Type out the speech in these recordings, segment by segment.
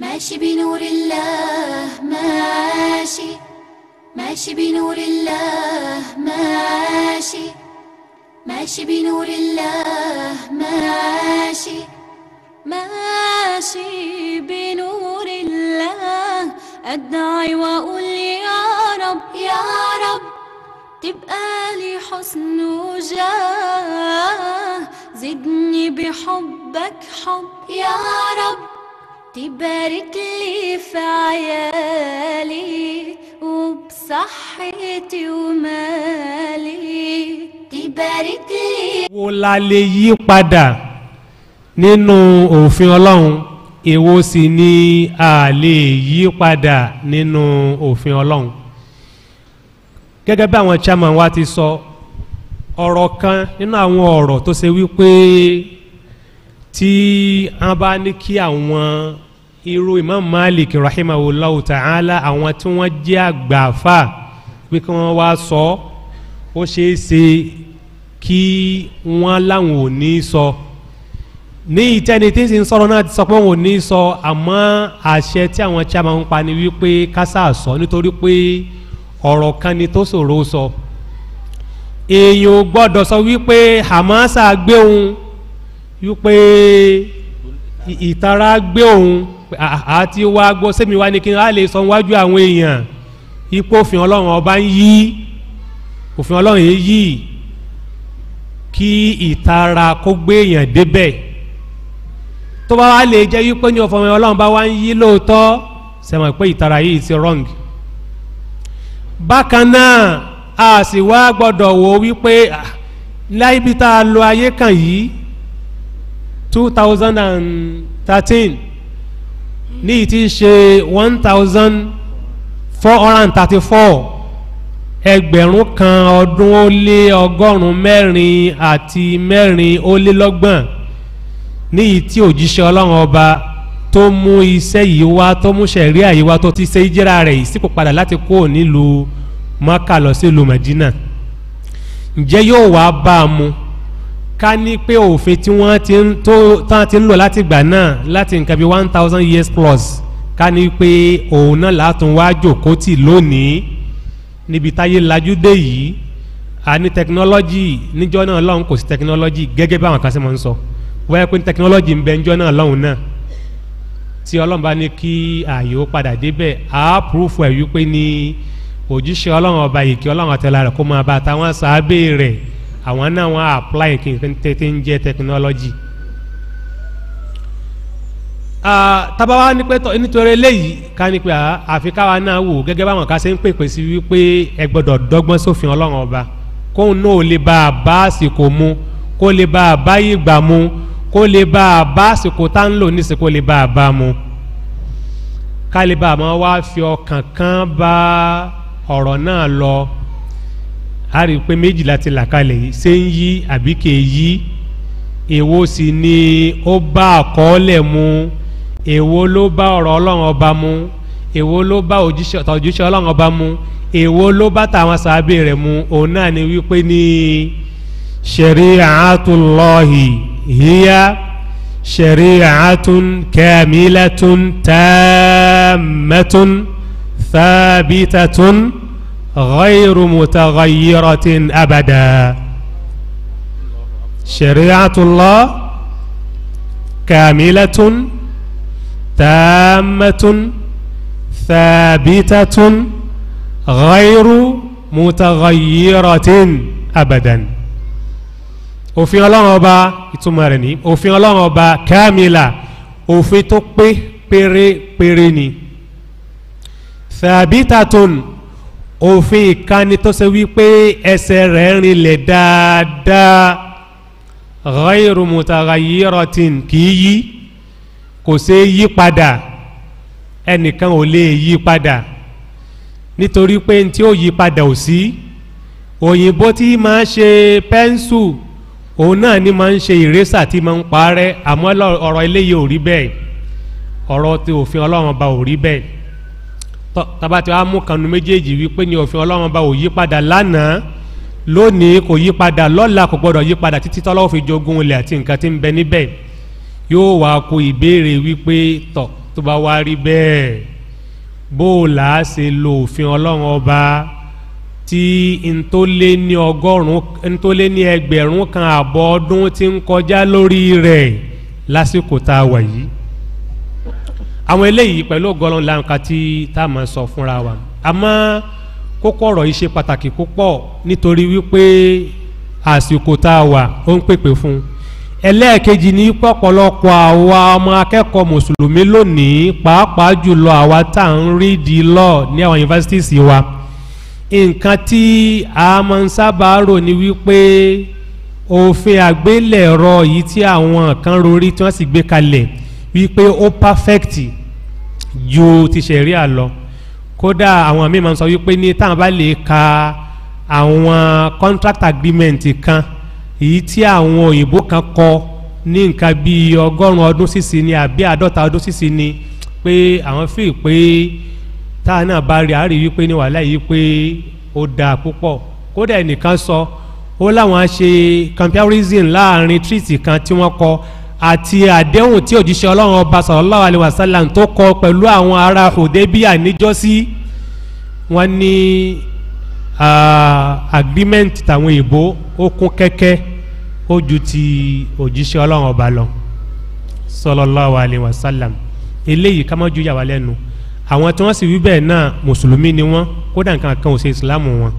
ماشي بنور الله ماشي ماشي بنور الله ماشي ماشي بنور الله ماشي ماشي بنور الله أدعي وأقول يا رب يا رب تبقى لي حسن وجاه زدني بحبك حب يا رب تبارك لي في عيالي وبصحتي ومالي تبارك لي wo la lè yí padà nínú òfin ọlọ́run èwo sì ni a lè yí padà nínú òfin ọlọ́run gẹ́gẹ́ bí àwọn chairman wa ti sọ ọ̀rọ̀ kan nínú àwọn ọ̀rọ̀ tó ṣe wípé tí wọ́n bá ní kí àwọn irú imam malik rahimahullahu ta'ala àwọn tí wọ́n jẹ́ àgbàfà pé kí wọ́n wá sọ ó ṣeé ṣe kí wọ́n láwọn ò ní sọ ní ìtẹ́ni tí ń sin sọ̀rọ̀ náà ti sọ pé wọn ò ní sọ àmọ́ àṣẹ tí àwọn chairman ń pa ni wípé kásá sọ nítorí pé ọ̀rọ̀ kan ni tó ṣòro sọ èèyàn gbọ́dọ̀ sọ wípé hamasa gbé òun wípé ìtara gbé òun àti wá gbọ́ sẹ́mi wá ní kí n á lè sọ wájú àwọn èèyàn ipò òfin ọlọ́run ọba ń yí òfin ọlọ́run yìí yí kí ìtara kó gbé èèyàn débẹ̀ tó bá wá lè jẹ́ wípé ní ọ̀fọ̀mọ́ ọlọ́run bá wá ń yí lóòótọ́ sẹ́mọ̀ pé ìtara yìí ti wrong bákan náà a sì wá gbọ́dọ̀ wò wípé láìbí tá a lo ayé kan yìí two thousand and thirteen ní ti ṣe one thousand four hundred thirty four ẹgbẹ̀rún kan ọdún ó lé ọgọ́rùn-ún mẹ́rin àti mẹ́rin ó lé lọ́gbọ̀n ní yìí tí òjíṣẹ́ ọlọ́run ọba tó mú iṣẹ́ yìí wá tó mú sẹ̀ríà yìí wá tó ti ṣe ìjẹ́ra rẹ̀ yìí padà láti kó nílùú mọ́kà lọ sí ìlú mẹ́dínà ǹjẹ́ yóò wá bá a mu ká ní pé òfin tí wọ́n ti ń tó tán ti ń lò láti ìgbà náà láti nǹkan bíi one thousand years plus ká ní pé òun náà látún wá jòkó tì lónìí níbi táyé lajú dé yìí a ní tẹkinọ́lọ́jì níjọ́ náà lọ́hùn kò sí tẹkinọ́lọ́jì gẹ́gẹ́ báwọn kan sì máa ń sọ wáyé pé tẹkinọ́lọ́jì ń bẹ níjọ́ náà lọ́hùn náà tí ọlọ́run bá ní kí ààyè ó padà débẹ̀ á púrúfù ẹ̀ wípé ní òjíṣẹ́ ọlọ́run ọba yìí ọlọ́run àtẹlà rẹ̀ kó máa bá àtàwọn sàábé rẹ̀ àwọn náà wọ́n apply kí n tètè ń jẹ́ technology. tabawa ni pé nítorí eléyìí ká ní pé àfi káwa náà wò gẹ́gẹ́ báwọn ká ṣe ń pèpè sí wípé ẹ gbọ́dọ̀ dọ́gbọ́n sófin ọlọ́run ọba kóun náà ò lè bá a bá àsìkò mu kó lè bá a bá ìgbà mu kó lè bá a bá àsìkò tá ń lò nísìkò lè bá a bá mu ká lè bá a máa wá fi ọkàn kan bá ọ̀rọ̀ náà lọ a rí i pé méjì láti là kalẹ̀ yìí ṣé ń yí àbí kè é yí èwo sì ni ó bá àkọọ́lẹ̀ mu èwo ló bá ọ̀rọ̀ ọlọ́run ọba mu èwo ló bá òjíṣẹ́ ọlọ́run ọba mu èwo ló bá tàwọn sàábẹ̀ rẹ̀ mu òun náà ni wípé ní ṣẹ̀rí àátúlọ́hì híyá ṣẹ̀rí àátún kẹ́mílẹ́tún tẹ́ẹ̀mẹ́tún tẹ́ẹ̀bítẹ́tún. غير متغيرة أبدا شريعة الله كاملة تامة ثابتة غير متغيرة أبدا وفي الله أبا يتمرني وفي الله أبا كاملة وفي تقبه بري بريني ثابتة òfin ìkànnì tó ṣe wípé ẹsẹ̀ rẹ̀ rinlẹ̀ dáadáa ghayru mutaghayyiratin kì í yí kò ṣe é yí padà ẹnìkan ò lè yí padà nítorí pé tí ó yí padà ò sí òyìnbó tí máa ń ṣe pẹ́ńsù òun náà ni máa ń ṣe ìrésà tí máa ń parẹ́ àmọ́ ọ̀rọ̀ eléyìí ò rí bẹ́ẹ̀ ọ̀rọ̀ tí òfin ọlọ́run ọba ò rí bẹ́ẹ̀ tọ́ tabati wa mú kanu méjèèjì wípé ní òfin ọlọ́run bá ò yí padà lánàá lónìí kò yí padà lọ́la kò gbọ́dọ̀ yí padà títí tọ́lọ́wọ́ fi jogun ilẹ̀ àti nǹkan tí ń bẹ níbẹ̀ yóò wá kó ìbéèrè wípé tọ̀ tó bá wá rí bẹ́ẹ̀ bó o là á ṣe lo òfin ọlọ́run ọba tí ntólé ní ọgọ́rùn-ún ntólé ní ẹgbẹ̀rún kan àbọ̀ ọdún ti ń kọjá lórí rẹ̀ lásìkò tá a wà yìí àwọn eléyìí pẹ̀lú gọlọ́n lànkà tí tá a máa sọ fúnra wa àmọ́ kókó ọ̀rọ̀ yìí ṣe pàtàkì púpọ̀ nítorí wípé àsìkò tá a wà ó ń pèpè fún un ẹlẹ́ẹ̀kejì ní pọ̀pọ̀lọpọ̀ àwa ọmọ akẹ́kọ̀ọ́ mùsùlùmí lónìí pàápàá jùlọ àwa tá à ń rí di lọ ní àwọn yunifásitìsì wa nǹkan tí a máa ń sábà rò ní wípé òfin àgbélẹ̀rọ yìí tí àwọn kan rorí tí wọ́n sì gbé kalẹ̀ wípé ó pàfẹ́kìtì ju ti sẹ̀ríà lọ kódà àwọn míì máa ń sọ wípé ní táwọn bá lè ka àwọn contract agreement kan èyí tí àwọn òyìnbó kan kọ ní nǹkan bíi ọgọ́rùn-ún ọdún sísìn ni àbí àádọ́ta ọdún sísìn ni pé àwọn fíì pé táwọn náà bá rí àárí wípé ní wàhálà yìí pé ó dáa púpọ̀ kódà ẹnìkan sọ ó láwọn ṣe comparison láàrin treaty kan tí wọ́n kọ àti àdéhùn tí òjíṣẹ́ ọlọ́run ọba sọ̀rọ̀láwà aliwàsálà tó kọ pẹ̀lú àwọn ará òdebíà níjọ́sí wọ́n ní agreement tàwọn èèbó ó kún kẹ́kẹ́ ó ju ti òjíṣẹ́ ọlọ́run ọba lọ sọ̀rọ̀láwà aliwàsálà eléyìí ká má ju yàwá lẹ́nu àwọn tí wọ́n sì wí bẹ́ẹ̀ náà mùsùlùmí ni wọ́n kódà nǹkan kan ò ṣe ìsìlámù wọn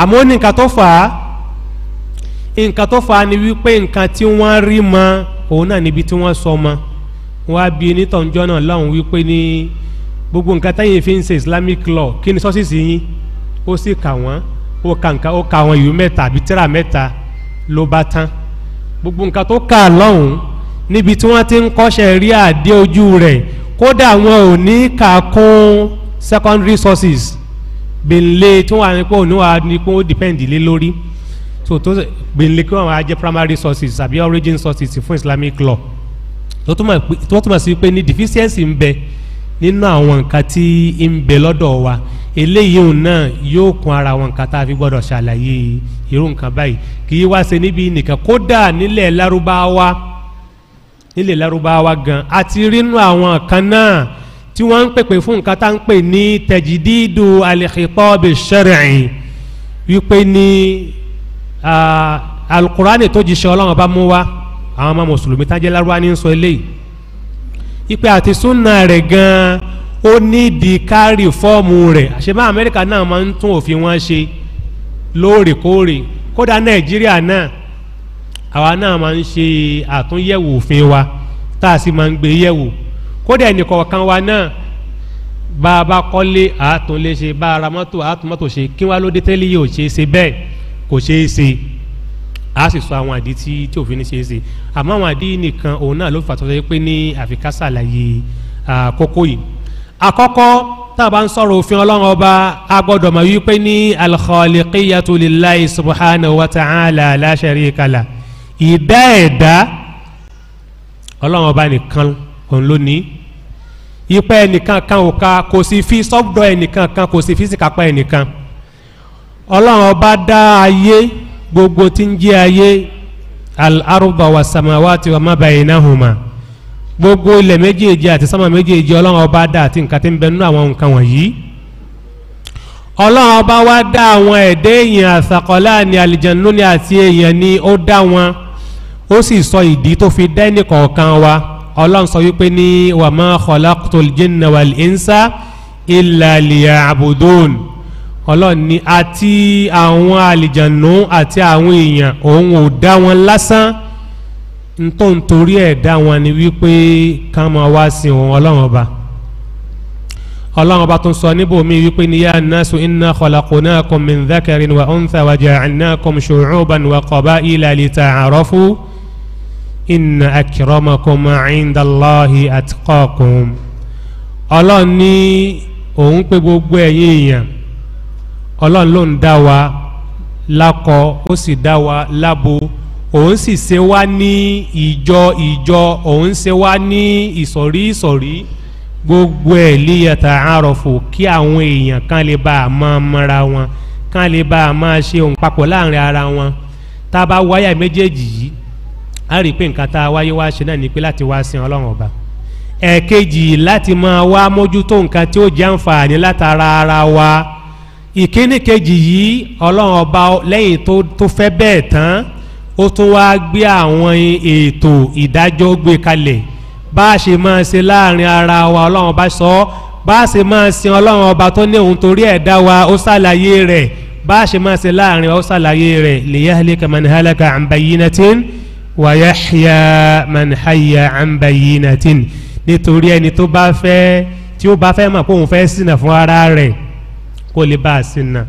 àmọ́ ó ní nǹkan tó fà á nǹkan tó fa ni wípé nǹkan tí wọ́n rí mọ òun náà níbi tí wọ́n sọ mọ wọ́n á bi onítọ̀njọ́ náà lọ́hùn wípé ní gbogbo nǹkan táyìn fi ń ṣe islamic law kí ni sọ́sìsì yín ó sì kà wọ́n ó kà nǹkan ó kà àwọn ìwé mẹ́ta àbí tíra mẹ́ta ló bá tán gbogbo nǹkan tó kà lọ́hùn níbi tí wọ́n ti ń kọ́ṣẹ́ rí àdé ojú rẹ̀ kódà wọn ò ní kà kún secondary sources gbèǹlé e, tí wọ́n á ní pé òun ní wàá ní pé ó dìpẹ́ǹdì lé lórí so tó gbèlè kí wọn máa jẹ primary sources àbí origin sources fún islamic law tó túmọ̀ sí pé ní deficiency ń bẹ nínú àwọn nǹkan tí ń bẹ lọ́dọ̀ wa eléyìí náà yóò kún ara àwọn nǹkan tá a fi gbọ́dọ̀ ṣàlàyé irú nǹkan báyìí kì í wá ṣe níbi nìkan kódà larubawa nílẹ̀ larubawa gan àti rínú àwọn kan náà tí wọ́n ń pèpè fún nǹkan tá ń pè ní tẹ̀jídìdù alẹ́kìtọ́ bẹ̀ ṣẹ́rẹ̀ wípé ní. Ah, alukurani tó jíṣẹ́ ọlọ́run bá mú wa àwọn ọmọ mùsùlùmí tájẹ́ lárúbá ní sọ eléyìí ipe àti súnà rẹ̀ gan-an ó nídìí kárì fọ́ọ̀mù rẹ̀ àṣebá amẹ́ríkà náà máa ń tún òfin wọn ṣe lóòrèkóòrè kódà nàìjíríà náà àwa náà máa ń ṣe àtúnyẹ̀wò òfin wa tá a sì máa ń gbé yẹ̀wò kódà ẹnìkọ̀ọ̀kan wa náà bá a bá kọ́lé àtúnlé ṣe bá a ra mọ́tò àtúnmọ́tò ṣe kí wá ló dé tẹ́lẹ̀ yìí ò ṣe é ṣe bẹ́ẹ̀ kò ṣeé ṣe a sì sọ àwọn àdí tí tí òfin ní ṣeé ṣe àmọ́ àwọn àdí nìkan òun náà ló fà tọ́jú pé ní àfikà ṣàlàyé kókó yìí àkọ́kọ́ tá a bá ń sọ̀rọ̀ òfin ọlọ́run ọba a gbọ́dọ̀ mọ̀ wípé ní alkhaliqiyatu lillahi subhanahu wa ta'ala la sharika la ìdá ẹ̀dá ọlọ́run ọba nìkan òun ló ní ipa ẹnìkan kan ò ka kò sí fi sọ́gbọ́ ẹnìkan kan kò sí fi síkapá ẹnìkan ọlọ́run ọba dá ayé gbogbo tí ń jẹ́ ayé al-arúgbà wa samawati wa mabayi nahuma gbogbo ilẹ̀ méjèèjì àti sámà méjèèjì ọlọ́run ọba dá àti nǹkan tí ń bẹ nínú àwọn nǹkan wọ̀nyí ọlọ́run ọba wa dá àwọn ẹ̀dẹ́ èèyàn àsàkọ́lá ni àlìjẹ̀nú ni àti èèyàn ni ó dá wọn ó sì sọ ìdí tó fi dá ẹnì kọ̀ọ̀kan wa ọlọ́run sọ wípé ní wàmọ́ khalaqtul jinna wal insa illa liya'budun ọlọ́run ni àti àwọn àlìjànú àti àwọn èèyàn òun ò dá wọn lásán ntọ́ nítorí ẹ̀ dá wọn ni wípé ká máa wá sí òun ọlọ́run ọba ọlọ́run ọba tó ń sọ níbòmí wípé ni yá nasu iná kọlọ́kọ́ náà kọ́ mi dákẹ́rin wa ń tà àná kọ́ ṣòro bá ní wa kọ́ ilà lìtà àárọ̀ iná akérọ́mọkọ́ máa ń dàlọ́hì àti kọ́ọ̀kùn ọlọ́run òun pé gbogbo ẹ̀yìn èèyàn ọlọ́run ló ń dá wa lákọ ó sì dá wa lábo òun sì ṣe wá ní ìjọ ìjọ òun ṣe wá ní ìsọ̀rí ìsọ̀rí gbogbo ẹ̀ líyàtà àròfò kí àwọn èèyàn kan lè bá a máa mọ́ra wọn kan lè bá a máa ṣe òun papọ̀ láàrin ara wọn tá a bá wáyà méjèèjì yìí a rí i pé nǹkan tá a wáyé wá ṣe náà ni pé láti wá sin ọlọ́run ọba ẹ̀ẹ̀kejì láti máa wá mójútó nǹkan tí ó jẹ́ àǹfààní látara ara wa ìkíní kejì yìí ọlọ́run ọba lẹ́yìn tó fẹ́ bẹ́ẹ̀ tán ó tún wá gbé àwọn ètò ìdájọ́ gbé kalẹ̀ bá a ṣe máa ṣe láàrin ara wa ọlọ́run ọba sọ bá a ṣe máa sin ọlọ́run ọba tó ní òun torí ẹ̀dá wa ó ṣàlàyé rẹ̀ bá a ṣe máa ṣe láàrin wa ó ṣàlàyé rẹ̀ lèyà àlékà mani halaka àǹbayínatin wàyáhìá mani hayà àǹbayínatin nítorí ẹni tó bá fẹ́ tí ó bá fẹ́ mọ̀ pé òun fẹ́ sìnà fún ara rẹ̀ kó lè bá a sí nà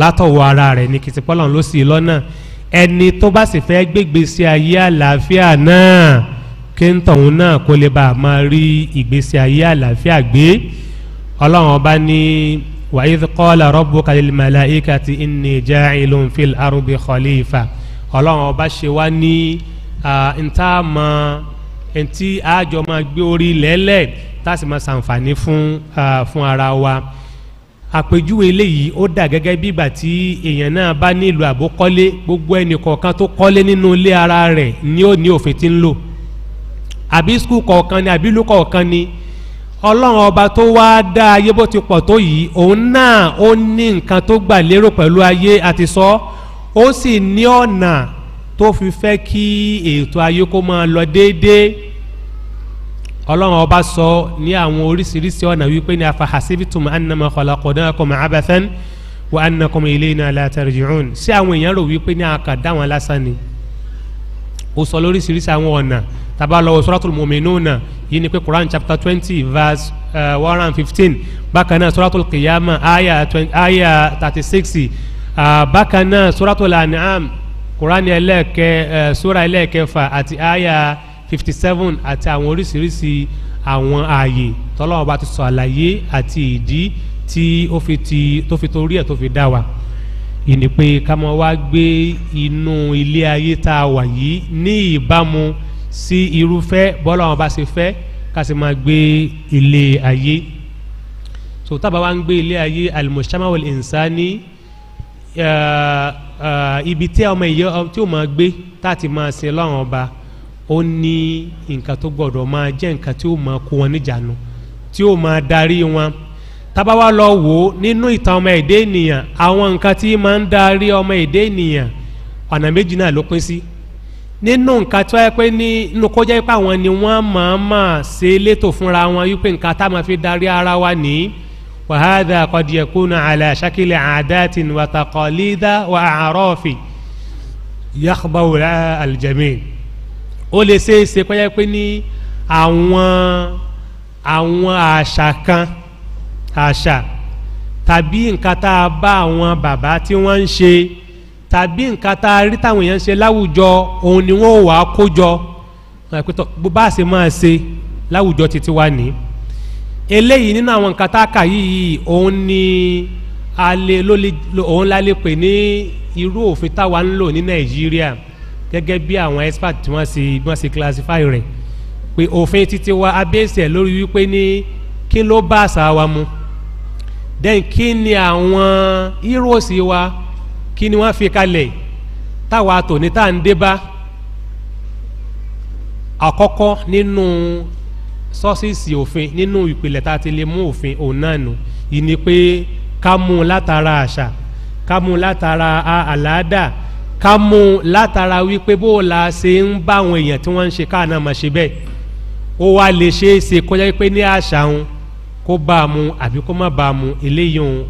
látọ̀wọ́ ara rẹ̀ ní kìtìpọ́lọ̀ ló sì lọ́nà ẹni tó bá sì fẹ́ gbégbèsè ayé àlàáfíà náà kí ń tọ̀hún náà kó lè bá a máa rí ìgbésí ayé àlàáfíà gbé ọlọ́run ọba ní wàyí kọ́lá rọ́bù kàlímàlà ìkàtì ìní jẹ́ ìlúnfil arúgbó kọ́lífà ọlọ́run ọba ṣe wá ní ntaama ntí àjọ máa gbé orí lẹ́lẹ̀ tá a sì máa ṣàǹfààní fún ara wa àpèjúwe eléyìí ó dà gẹ́gẹ́ bí ìgbà tí èèyàn náà bá nílò àbó kọ́lé gbogbo ẹnì kọ̀ọ̀kan tó kọ́lé nínú ilé ara rẹ̀ ni ó ní òfin ti ń lò àbí skul kọ̀ọ̀kan ni àbí ìlú kọ̀ọ̀kan ni ọlọ́run ọba tó wá dá ayé bó ti pọ̀ tó yìí òun náà ó ní nǹkan tó gbà lérò pẹ̀lú ayé àti sọ ó sì ní ọ̀nà tó fi fẹ́ kí ètò ayé kó máa lọ déédéé ọlọ́run ọba sọ ní àwọn oríṣiríṣi ọ̀nà wípé ní afahasibitum anamọ kọlọkọdán kọmọ abathan wa anakọmọ ilé iná alátẹrìjìrún sí àwọn èèyàn rò wípé ní àkàdá wọn lásán ni ó sọ lóríṣiríṣi àwọn ọ̀nà tàbá lọ́wọ́ sọ́ràtún mọ̀mìnúnà yìí ni pé quran chapter twenty verse uh, one hundred and fifteen bákan náà sọ́ràtún kìyàmà àyà thirty six uh, bákan náà sọ́ràtún lànàm quran ẹlẹ́ẹ̀kẹ́ uh, sọ́ra ẹlẹ́ẹ̀kẹfà àti àyà fifty seven àti àwọn oríṣiríṣi àwọn ààyè tọ́lọ́wọ́ bá ti sọ àlàyé àti ìdí tí ó fi ti tó fi torí ẹ̀ tó fi dá wa ìní pé ká mọ wá gbé inú ilé ayé tá a wà yìí ní ìbámu sí irúfẹ́ bọ́lá wọn bá ṣe fẹ́ ká sì máa gbé ilé ayé so tábà wá ń gbé ilé ayé alimushamawul insani ibi tí ọmọ ìyá tí ó máa gbé tá a ti máa sin lọ́wọ́n ó ní nǹkan tó gbọ́dọ̀ máa jẹ́ nǹkan tí ó máa kó wọn níjànú tí ó máa darí wọn tábàwá lọ wò ó nínú ìtàn ọmọ èdè ènìyàn àwọn nǹkan tí máa ń darí ọmọ èdè ènìyàn ọ̀nà méjì náà ló pín sí nínú nǹkan tó yẹ pé ní inú kó jẹ́ pé àwọn ni wọ́n máa máa ṣe létò fúnra wọn wípé nǹkan tá máa fi darí ara wa nìyí wàhádà kọ̀dìyẹ̀kúnà àlẹ́ àṣàkìlẹ̀ àdáàtìn wàtàkọ̀lídà wà àárọ̀ ọ̀fìn yàgbà ó lè ṣe é ṣe pẹ́yẹ́ pé ní àwọn àwọn àṣà kan àṣà tàbí nǹkan tá a bá àwọn bàbá tí wọ́n ń ṣe tàbí nǹkan tá a rí táwọn èèyàn ń ṣe láwùjọ òun ni wọ́n wàá kó jọ bó bá ṣe máa ṣe láwùjọ títí wá ní eléyìí nínú àwọn nǹkan tá a kà yìí òun ni a lè ló òun la lè pè ní irú òfin táwa ń lò ní nàìjíríà gẹ́gẹ́ bí àwọn expert tí wọ́n ṣe wọ́n ṣe classify rẹ̀ pé òfin títí wa abẹ́sẹ̀ lórí wípé ní kí ló bá àṣà wa mu then kí ni àwọn heroes wa kí ni wọ́n fi kalẹ̀ táwa tòní tá à ń dé bá àkọ́kọ́ nínú sọ́sìsì òfin nínú ìpìlẹ̀ tá a ti lè mú òfin òun náà nù yìí ni pé ká mú un látara àṣà ká mú un látara àlàáda ká mú un látara wípé bó o la ṣe ń bá àwọn èèyàn tí wọ́n ń ṣe káàná máa ṣe bẹ́ẹ̀ ó wá lè ṣe é ṣe kọjá pé ní àṣà òun kó bá a mu àbí kó má bá a mu eléyìí òun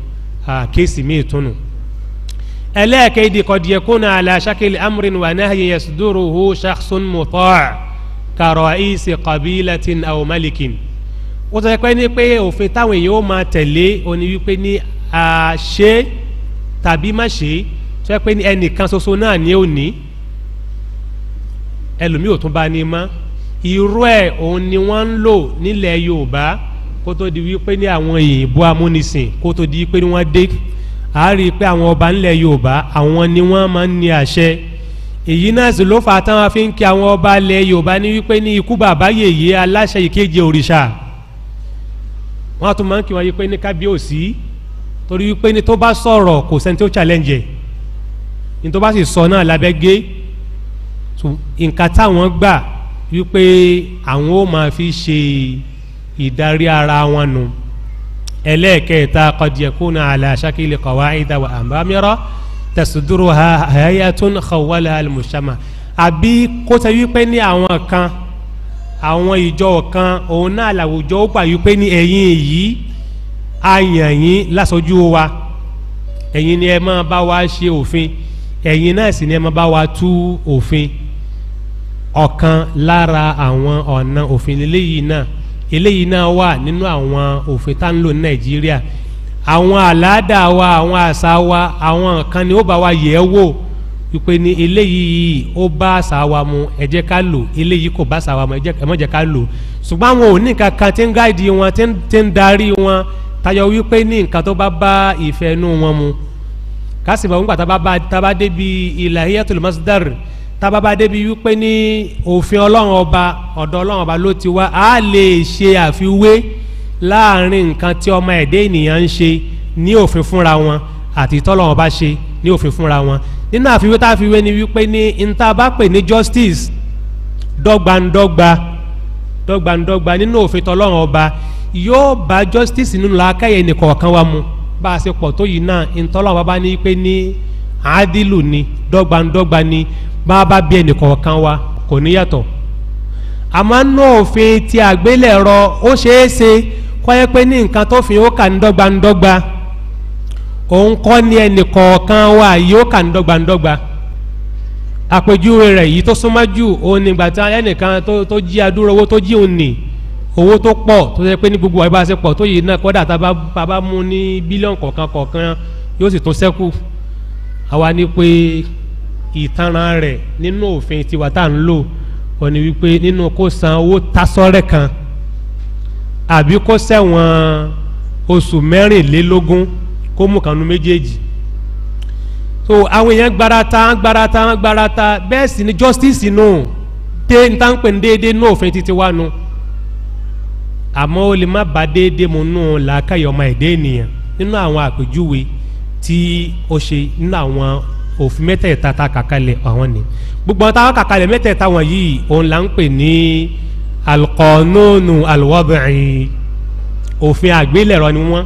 kéèsì míì túnú. ẹlẹ́ẹ̀kejì kọ̀dìyẹ kó na àlà amúrin wà náà yẹyẹ sùdúró hó ṣàkṣún mọ̀tọ́ kàrọ̀ ìṣe kọ̀bílẹ̀tìn àwọn málìkìn. ó sọ pé ní pé òfin táwọn èèyàn ó máa tẹ̀lé òní wípé ní àṣe tàbí má ṣe é tó yẹ pé ẹnìkan soso náà ni ó ní ẹlòmíì ò tún bá ní mọ́ irú ẹ̀ òun ni wọ́n ń lò nílẹ̀ yorùbá kó tó di wípé ní àwọn òyìnbó amúnisìn kó tó di wípé ní wọ́n dé a rí i pé àwọn ọba nílẹ̀ yorùbá àwọn ni wọ́n máa ń ní àṣẹ èyí náà sì ló fà á táwọn fi ń kí àwọn ọba ilẹ̀ yorùbá ní wípé ní ikú bàbá yèyé aláṣẹ ìkéje òrìṣà wọ́n á tún máa ń kí wọn yí pé ní kábíyèsí torí wípé ní tó bá sọ̀rọ̀ kò sẹ́ni tó challenge ẹ̀ ní tó bá sì sọ náà lábẹ́ gé nǹkan táwọn gbà wípé àwọn ó máa fi ṣe ìdarí ara wọn nù ẹlẹ́ẹ̀kẹta kọ̀dìẹ̀kúnà aláṣákìlì kọ̀wá ìdáwà àbámẹ́rọ́ tẹ̀sídúró ha tó ń kọ̀wálà àlùmùsàmà àbí kó wípé ní àwọn kan àwọn ìjọ kan òun náà làwùjọ ó gbà wípé ní ẹ̀yìn yìí àyàn yín lásojú wa ẹ̀yin ni ẹ máa bá wa ṣe òfin ẹ̀yin náà sì ni ẹ máa bá wa tú òfin ọ̀kan lára àwọn ọ̀nà òfin eléyìí náà eléyìí náà wà nínú àwọn òfin tá ń lò ní nàìjíríà àwọn àlàádà wa àwọn àṣà wa àwọn nǹkan ni ó bá wa yẹ̀ ẹ́ wò wípé ní eléyìí ó bá àṣà wa mu ẹ jẹ́ ká lò eléyìí kò bá àṣà wa mu ẹ mọ̀ jẹ́ ká lò ṣùgbọ́n àwọn òní kankan tí ń gáàdì wọn tí ń darí wọn tayọ wípé ní nǹkan tó bá bá ìfẹ́ inú wọn mu kásì mọ̀ taba tábà débi ilahiyatul masdar tábà bá débi wípé ní òfin ọlọ́run ọba ọ̀dọ̀ ọlọ́run ọba ló ti wá a lè ṣe àfiwé láàrin nǹkan tí ọmọ ẹ̀dẹ́ ènìyàn ń ṣe ní òfin fúnra wọn àti tọ́lọ́run ọba ṣe ní òfin fúnra wọn nínú àfiwé tá a fi wé ni wípé ní níta bá pè ní justice dọ́gbandọ́gba dọ́gbandọ́gba nínú òfin tọ́lọ́run ọba yóò bá justice nínú làákàyè ẹnìkọ̀ọ̀kan wa mu bá a ṣe pọ̀ tó yìí náà ntọ́lọ́ bàbá ní pé ní àádìlù ni dọ́gbandọ́gba ni bá a bá bí ẹnì kọ̀ọ̀kan wa kò níyàtọ̀ àmọ́ nù òfin ti àgbélẹ̀rọ ó ṣeé ṣe kọ́yé pé ní nǹkan tó fi ó kà ní dọ́gbandọ́gba òun kọ́ ni ẹnì kọ̀ọ̀kan wa yìí ó kà ní dọ́gbandọ́gba àpèjúwe rẹ̀ yìí tó súnmọ́ jù òun nígbà tí ẹnìkan tó jí adúrówó tó jí òun nìyí owó tó pọ̀ tó ṣe pé ní gbogbo àyè bá ṣe pọ̀ tó yìí náà kọ́dà tá a bá mú ní bílíọ̀nù kọ̀ọ̀kan kọ̀ọ̀kan yóò sì tún sẹ́kù àwa ni pé ìtanràn rẹ̀ nínú òfin tiwa tá à ń lò wọ́n ni wípé nínú kó san owó tasọ́rẹ̀ kan àbí kó sẹ́wọ̀n oṣù mẹ́rìnlélógún kó mú kanú méjèèjì so àwọn èèyàn gbarata gbarata gbarata bẹ́ẹ̀ sì ni justice nù dé ní tá à ń pè ní déédéé nù òfin titi wa nù. No àmọ́ ó lè má ba déédéé mu nù làákàyọ̀ ọmọ ẹ̀dá ènìyàn nínú àwọn àpèjúwe tí ó ṣe nínú àwọn òfin mẹ́tẹ̀ẹ̀ta tá a kàkalẹ̀ àwọn ni gbogbo àwọn táwọn kàkalẹ̀ mẹ́tẹ̀ẹ̀ta wọn yìí òun là ń pè ní alukọ̀nùnù alùwọ́bìnrin òfin àgbélẹ̀rọ ni wọ́n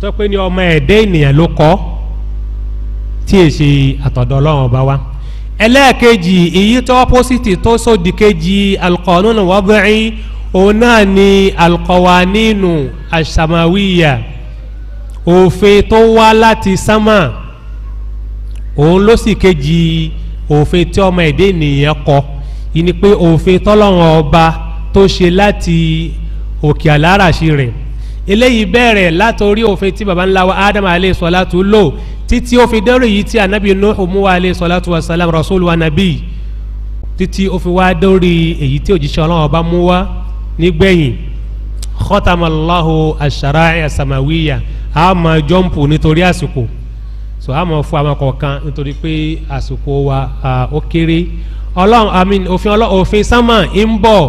tó pé ní ọmọ ẹ̀dá ènìyàn ló kọ́ tí è ṣe àtọ̀dọ̀ ọlọ́run ọba wa ẹlẹ́ẹ̀kejì èyí tó pọ́sìtì tó sódì kejì alukọ̀nùnù wọ́bìnrin òun náà ni alkọwanínú asamawiya òfin tó wá láti sánmà òun ló sì kejì òfin tí ọmọ èdè ènìyàn kọ yìí ni pé òfin tọ́lọ́wọ́n ọba tó ṣe láti òkè aláràṣí rẹ̀ eléyìí bẹ̀rẹ̀ látòrí òfin tí baba ńlá wa adam alẹ́ sọlá tó lò títí ó fi dẹ́rù yìí tí anabi nuhu mu wa alẹ́ tó wa salam rasul wa nabi títí ó fi wá dórí èyí tí òjíṣẹ́ ọlọ́wọ́n ọba mú wá nígbẹ̀yìn khotamalahu asharai asamawiya a máa jọ́ǹpù nítorí àsìkò so a máa fún àwọn kọ̀ọ̀kan nítorí pé àsìkò wa ó kéré ọlọ́run àmín òfin ọlọ́run òfin sámà ń bọ̀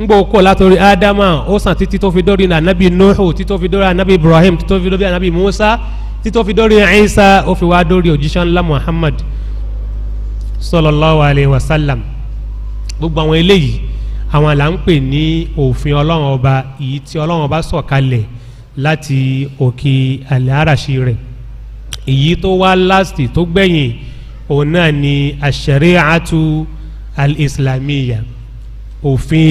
ń gbọ́ kó látòrí ádámà ó sàn títí tó fi dórí ànábì nuhu títí tó fi dórí ànábì ibrahim títí tó fi dórí ànábì musa títí tó fi dórí isa ó fi wá dórí òjíṣẹ́ ńlá muhammad sallallahu alayhi wa sallam gbogbo àwọn eléyìí àwọn là ń pè ní òfin ọlọ́run ọba èyí tí ọlọ́run ọba sọ̀kalẹ̀ láti òkè àlẹ́ àràṣì rẹ̀ èyí tó wá last tó gbẹ̀yìn òun náà ni àṣẹrí àtú al-islamiyya òfin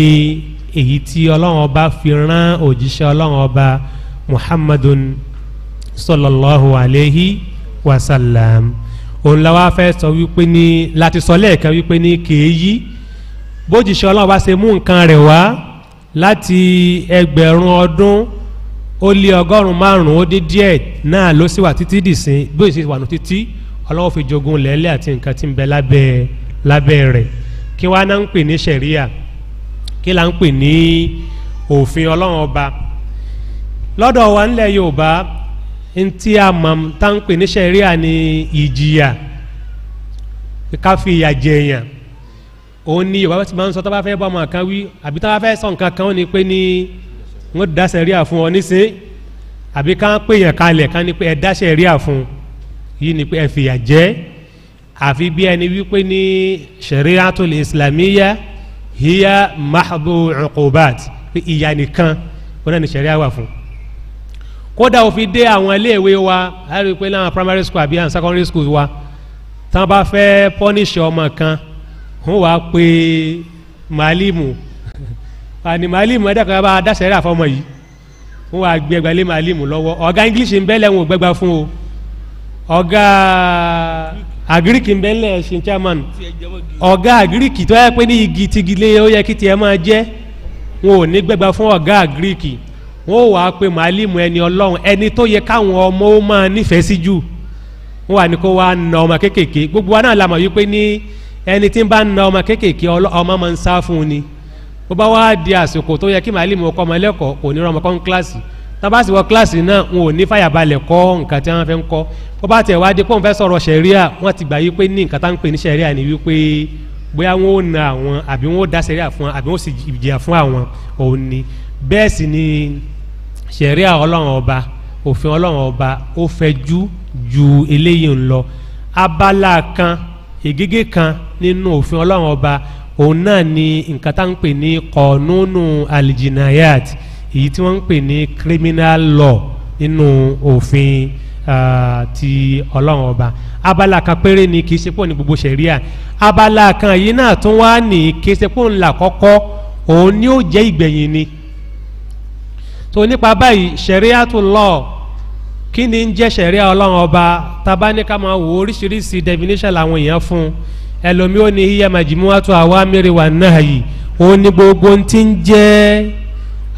èyí tí ọlọ́run ọba fi rán òjíṣẹ́ ọlọ́run ọba muhammadun sallallahu alayhi wa òun la wá sọ wípé ní láti sọ lẹ́ẹ̀kan wípé ní kèéyí bójìṣẹ́ ọlọ́run bá ṣe mú nǹkan rẹ̀ wá láti ẹgbẹ̀rún ọdún ó lé ọgọ́rùn-ún márùn-ún ó dín díẹ̀ náà ló sì wà títí dìsín bóyá sì wà nù títí ọlọ́run fi jogun lẹ́lẹ́ àti nǹkan tí ń bẹ lábẹ́ lábẹ́ rẹ̀ kí wàá náà ń pè ní sẹ̀ríà kí là ń pè ní òfin ọlọ́run ọba lọ́dọ̀ wa ńlẹ̀ yorùbá ntí a mọ̀ tá ń pè ní sẹ̀ríà ní ìjìyà ká fi ìyà jẹ̀yàn òun ni yorùbá ti máa ń sọ tó bá fẹ́ bọ́ ọmọ kan wí àbí tó bá fẹ́ sọ nǹkan kan ó ní pé ní wọ́n dá sẹ̀ríà fún ọ nísìn àbí ká ń pèèyàn kalẹ̀ ká ní pé ẹ dá sẹ̀ríà fún yìí ni pé ẹ fìyà jẹ́ àfi bí ẹni wípé ní sẹ̀ríàtul islamiyya hiya mahdu uqubat pé ìyà nìkan ó náà ní sẹ̀ríà wà fún kódà òfin dé àwọn iléèwé wa láti rí i pé láwọn primary school àbí àwọn secondary school wa tí wọ́n bá fẹ́ pọ́níṣì ọmọ kan wọn wá pé màálìmù àní màálìmù ẹ̀dẹ́kọ̀ bá dáṣẹ́rẹ́ àfọmọ yìí wọ́n wá gbé ẹgbẹ́ lé màálìmù lọ́wọ́ ọ̀gá english ń bẹ́lẹ̀ wọn ò fún o ọ̀gá agiriki ń bẹ́lẹ̀ ṣin chairman ọ̀gá agiriki tó yẹ pé igi ó yẹ kí tiẹ̀ máa jẹ́ wọn ò ní fún ọ̀gá agiriki wá pé ẹni ọlọ́run ẹni tó yẹ káwọn ọmọ ó máa nífẹ̀ẹ́ sí ní na ọmọ kéékèèké gbogbo wa náà ẹni tí ń bá na ọmọ kéékèèké ọmọ máa ń sá fún un ni bó bá wá di àsìkò tó yẹ kí màálìmù ọkọ ọmọ ẹlẹ́kọ̀ọ́ kò ní rọmọkọ́ ń kíláàsì tábàsì wọ kíláàsì náà n ò ní fàyàbalẹ̀ kọ́ nǹkan tí wọ́n fẹ́ ń kọ́ bó bá tẹ̀ wá dé pọ́n fẹ́ sọ̀rọ̀ sẹ̀ríà wọ́n ti gbà yí pé ní nǹkan tá ń pè ní sẹ̀ríà ni wípé bóyá wọn ò na àwọn àbí wọn ò dá sẹ̀ríà fún àbí wọn sì jìyà fún àwọn òun ni bẹ́ẹ̀ sì ni sẹ̀ríà ọlọ́run ọba òfin ọlọ́run ọba ó fẹ́ ju ju eléyìí ń lọ abala kan ìgégé kan nínú òfin ọlọ́run ọba òun náà ni nǹkan tá ń pè ní kọ̀ọ̀nùnù aljinayat èyí tí wọ́n ń pè ní criminal law nínú òfin ti ọlọ́run ọba abala kan péré ni kì í ṣe pò ní gbogbo sẹ̀ríà abala kan yìí náà tún wá ní kì í ṣe pò ńlá kọ́kọ́ òun ni ó jẹ́ ìgbẹ̀yìn ni tó nípa báyìí sẹ̀ríà tó lọ́ọ̀ kí ni ń jẹ́ sẹ̀ríà ọlọ́run ọba taba ní ká máa wò oríṣiríṣi definition làwọn èèyàn fún un ẹlòmí ó ní iye màjìmúwàtò àwámírì wà náà yìí ó ní gbogbo ń ti ń jẹ́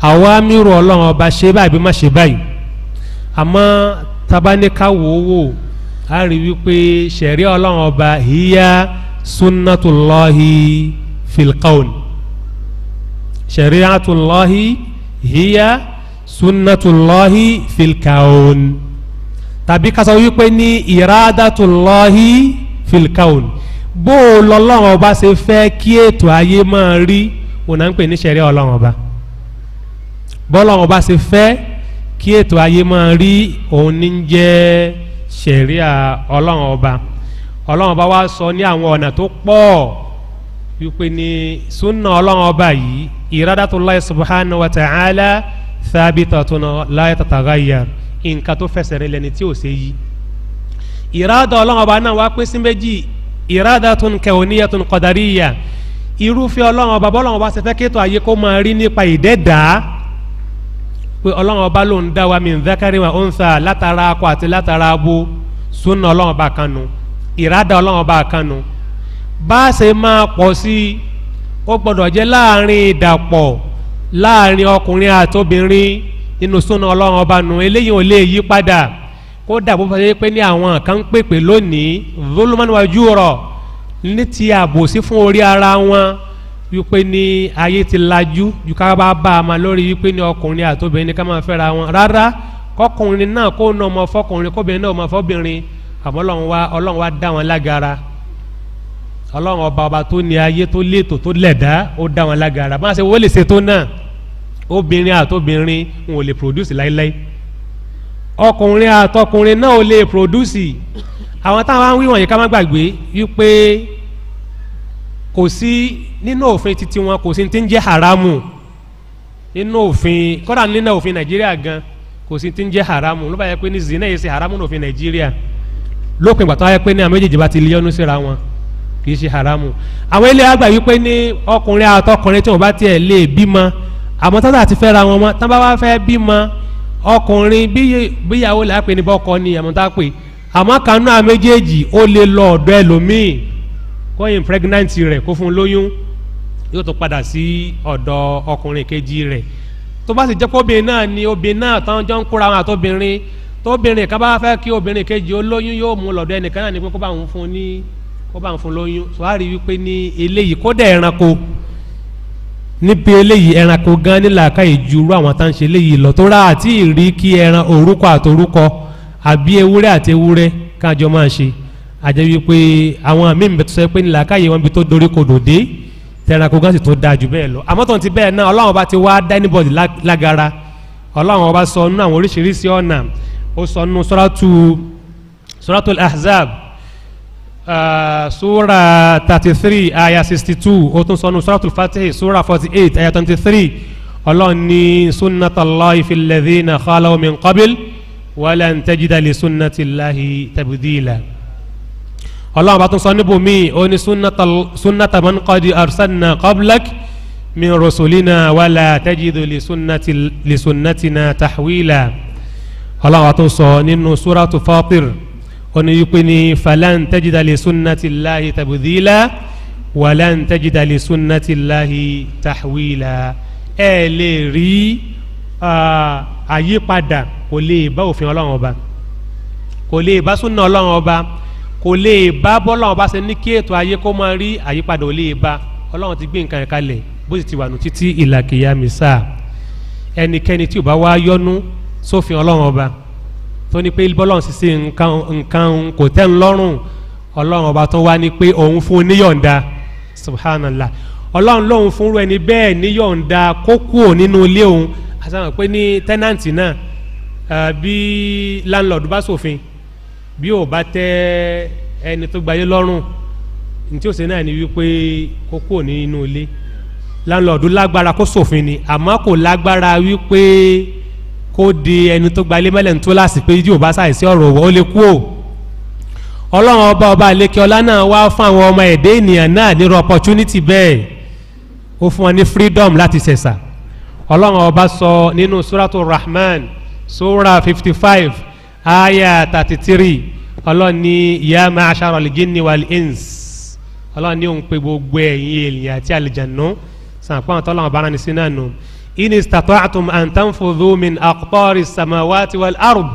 àwámírù ọlọ́run ọba ṣe báyìí bí má ṣe báyìí àmọ́ taba ní ká wò ó wò á rí wípé sẹ̀ríà ọlọ́run ọba hiya sunnatulahi filkaun sẹ̀ríà tulahi hiya sunnatulahi filkaun tàbí ká sọ wípé ní ìrádàtulahi filkaun bó o lọ́lọ́run ọba ṣe fẹ́ kí ètò ayé máa rí òun à ń pè ní sẹ̀rí ọlọ́run ọba bọ́lọ́run ọba ṣe fẹ́ kí ètò ayé máa rí òun ní jẹ́ sẹ̀rí ọlọ́run ọba ọlọ́run ọba wa sọ ní àwọn ọ̀nà tó pọ̀ wípé ni sunna ọlọ́run ọba yìí ìrádàtúláì subhanahu wa ta'ala sábìtà tó na láyé tata gáyà nǹkan tó fẹsẹ̀ rẹ lẹni tí ò ṣe yí. ìrádà ọlọ́run ọba náà wá pín sí méjì ìrádà tó ń kẹ òníyà ọlọ́run ọba bọ́lọ́run ọba ṣe fẹ́ kéètò àyè kó máa rí nípa ìdẹ́dàá pé ọlọ́run ọba ló ń dá wa mi nzákàrí wa ó ń sà látara akọ àti látara abo súnà ọlọ́run ọba kan nu ìrádà ọlọ́run ọba kan bá a ṣe máa pọ̀ sí i ó gbọ́dọ̀ jẹ́ láàrin ìdàpọ̀ láàrin ọkùnrin àtobìnrin nínú súnà ọlọ́run ọba nù eléyìí ò lè yí padà kódà bó fẹ́ pé ní àwọn kan ń pèpè lónìí volumanuwaju rọ̀ ní ti àbòsí fún orí ara wọn wípé ní ayé ti lajú ju ká bá bá a ma lórí wípé ní ọkùnrin àtobìnrin ká máa fẹ́ra wọn rárá kọkùnrin náà kó nà ọmọ fọkùnrin kóbìnrin náà ọmọ fọbìnrin àmọ́ ọlọ́run wa ọlọ́run wa dá wọn lágara ọlọ́run ọba ọba tó ní ayé tó létò tó lẹ̀dá ó dá wọn lágara bá a ṣe wọ́n lè ṣe tó náà obìnrin àtobìnrin n ò lè produce láíláí ọkùnrin àtọkùnrin náà ò lè produce àwọn táwọn wíwọ̀n yìí ká má gbàgbé wípé kò sí nínú òfin titi wọn kò sí ti ń jẹ́ haramu nínú òfin kódà nínú òfin nàìjíríà gan kò sí ti ń jẹ́ haramu ló bá yẹ pé ní zina yìí ṣe haramu ní òfin nàìjíríà lópin ìgbà tó wáyé pé ní àwọn méjèèjì bá ti lé ọ́nú síra wọn kì í ṣe haramu àwọn ilé àgbà yìí ní ọkùnrin àtọkùnrin tí wọn bá tiẹ̀ lè bímọ àmọ́ tọ́tà ti fẹ́ra wọn mọ́ tán bá wá fẹ́ bímọ ọkùnrin bíyàwó là á pè ni àmọ́ a pè àmọ́ kanú àméjèèjì ó lè lọ ọ̀dọ́ ẹlòmíì kó impregnant rẹ̀ kó fún lóyún yóò tó padà sí ọ̀dọ̀ ọkùnrin kejì rẹ̀ tó bá sì jẹ́ kóbìnrin náà ni obìnrin náà táwọn jọ ń kóra wọn àtobìnrin tóbìnrin kan kí obìnrin kejì ó lóyún yóò mú lọ́dọ̀ ẹnìkan náà ní pé kó bá òun fún ní kó bá ń fún lóyún tó a rí wípé ní eléyìí kódà ẹranko níbi eléyìí ẹranko gan ní làákàyè ju irú àwọn tá à ń ṣe eléyìí lọ tó rà àti ìrí kí ẹran orúkọ àtorúkọ àbí ewúrẹ́ àti ewúrẹ́ kájọ máa ṣe àjẹ́ wípé àwọn àmì ń bẹ tó sọ pé ní làákàyè wọn bí tó dorí kodò dé tẹranko gan sì tó dáa jù bẹ́ẹ̀ lọ àmọ́ tó ti bẹ́ẹ̀ náà ọlọ́run ọba ti wá dánibọ̀dì lágara ọlọ́run ọba sọ nínú àwọn oríṣiríṣi ọ̀nà ó sọ nínú sọ́ràtù sọ́ràtù ahzab Uh, sura thirty three aya sixty two o tún sọnù suratul fatih sura forty eight aya twenty three ọlọ́run ní sunnatallahi filẹ̀dínà khalaw min qabil wàlẹ̀ ntẹ́jidali sunnatillahi tabidila ọlọ́run bá tún sọ níbo mi o ní sunnataman qadi arsanna qablak min rasulina wàlẹ̀ tẹ́jidu lisunatina tahwila ọlọ́run bá tún sọ nínú suratul fatir. ọ̀nà yìí pé ní falan tajidale sunnati lahi tabudila walan tajidale sunnati lahi tahwila ẹ lè rí àyípadà kò lè bá òfin ọlọ́run ọba kò lè bá súnà ọlọ́run ọba kò lè bá bọ́lọ́run ọba ṣe ní kí ètò ayé kó máa rí àyípadà ò lè bá ọlọ́run ti gbé nǹkan kalẹ̀ bó sì ti wà nù títí ìlàkìyà mi sáà ẹnikẹ́ni tí ò bá wá yọnu sófin ọlọ́run ọba. So tó ní pé bọ́lọ́n sì sí nǹkan nǹkan kò tẹ́ ń lọ́rùn ọlọ́run ọba tó wá ní pé òun fún níyọ̀ǹda subhanallah ọlọ́run lòun fúnrú ẹni bẹ́ẹ̀ níyọ̀ǹda kó kúò nínú ilé òun àtàwọn pé ní tẹ́nàǹtì náà bí landlord bá ṣòfin bí ò bá tẹ́ ẹni tó gbayé lọ́rùn ntí ó ṣe náà ni wípé kó nínú ilé landlord lágbára kó ṣòfin ni àmọ́ kò lágbára wípé kó di ẹni tó gbalé mẹ́lẹ̀ ní tó láti pé yóò bá ṣàìsí ọ̀rọ̀ wọ́n ó lè kú o ọlọ́run ọba ọba àlekè ọlá náà wá fún àwọn ọmọ ẹ̀dẹ́ ènìyàn náà nírú opportunity bẹ́ẹ̀ ó fún wọn ní freedom láti ṣẹ̀ṣà ọlọ́run ọba sọ nínú suratu rahman sura fifty five aya thirty three ọlọ́run ní ìyá máa ṣàrọ̀ lè gíní wàlí ins ọlọ́run ní òun pé gbogbo ẹ̀yìn ènìyàn àti àlìjànú sàn pọ́n àtọ́lọ́run ọba rán ni sí in istata'tum an tanfudhu min aqtari samawati wal ard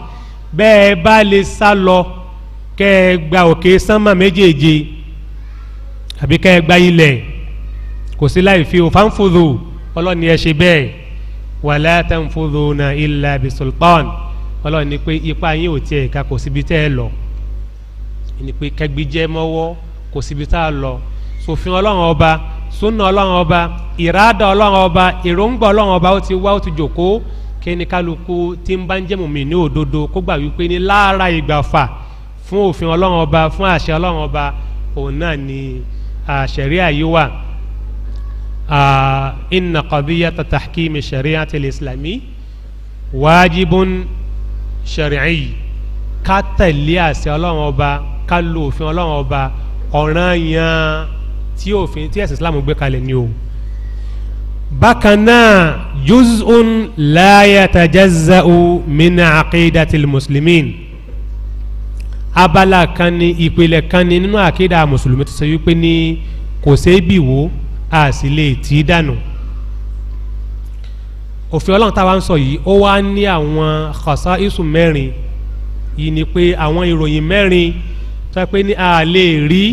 bẹ́ẹ̀ bá lè sá lọ kẹ́ ẹ gba òkè sánmà méjèèje àbí kẹ́ ẹ gba ilẹ̀ kò sí láì fi òfàǹfudhu ọlọ́ni ẹ ṣe bẹ́ẹ̀ wala tanfudhuna illa bisultan ọlọ́run pé ipa yín ò tiẹ̀ ká kò síbi tẹ́ ẹ lọ ni pé kẹgbíjẹ mọ́wọ́ kò síbi tá a lọ sòfin ọlọ́run ọba súnà ọlọ́run ọba ìràdà ọlọ́run ọba èròǹgbà ọlọ́run ọba ó ti wá ó ti jòkó kíni kálukú tí ń bá ń jẹ́ mùmí ní òdodo kó gbà wípé ní lára ìgbà fà fún òfin ọlọ́run ọba fún àṣẹ ọlọ́run ọba òun náà ni àṣẹrí àyè wà inna kọ̀bíyà tàtàkìmì ṣẹ̀rí àtẹlẹ ìsìlámì wájibun ṣẹ̀rí ká tẹ̀lé àṣẹ ọlọ́run ọba ká lo òfin ọlọ́run ọba ọ̀ràn yẹn tí òfin tí ẹ̀sìn islam gbé kalẹ̀ ni o bákan náà juz'un la yatajaza'u min aqidatil muslimin abala kan ni ìpìlẹ̀ kan ni nínú àkídà mùsùlùmí tó ṣe wípé ní kò sébi wo a sì lè tì í dànù òfin ọlọ́run táwa ń sọ yìí ó wá ní àwọn xọ́sá isu mẹ́rin yìí ni pé àwọn ìròyìn mẹ́rin tó yẹ pé ní a lè rí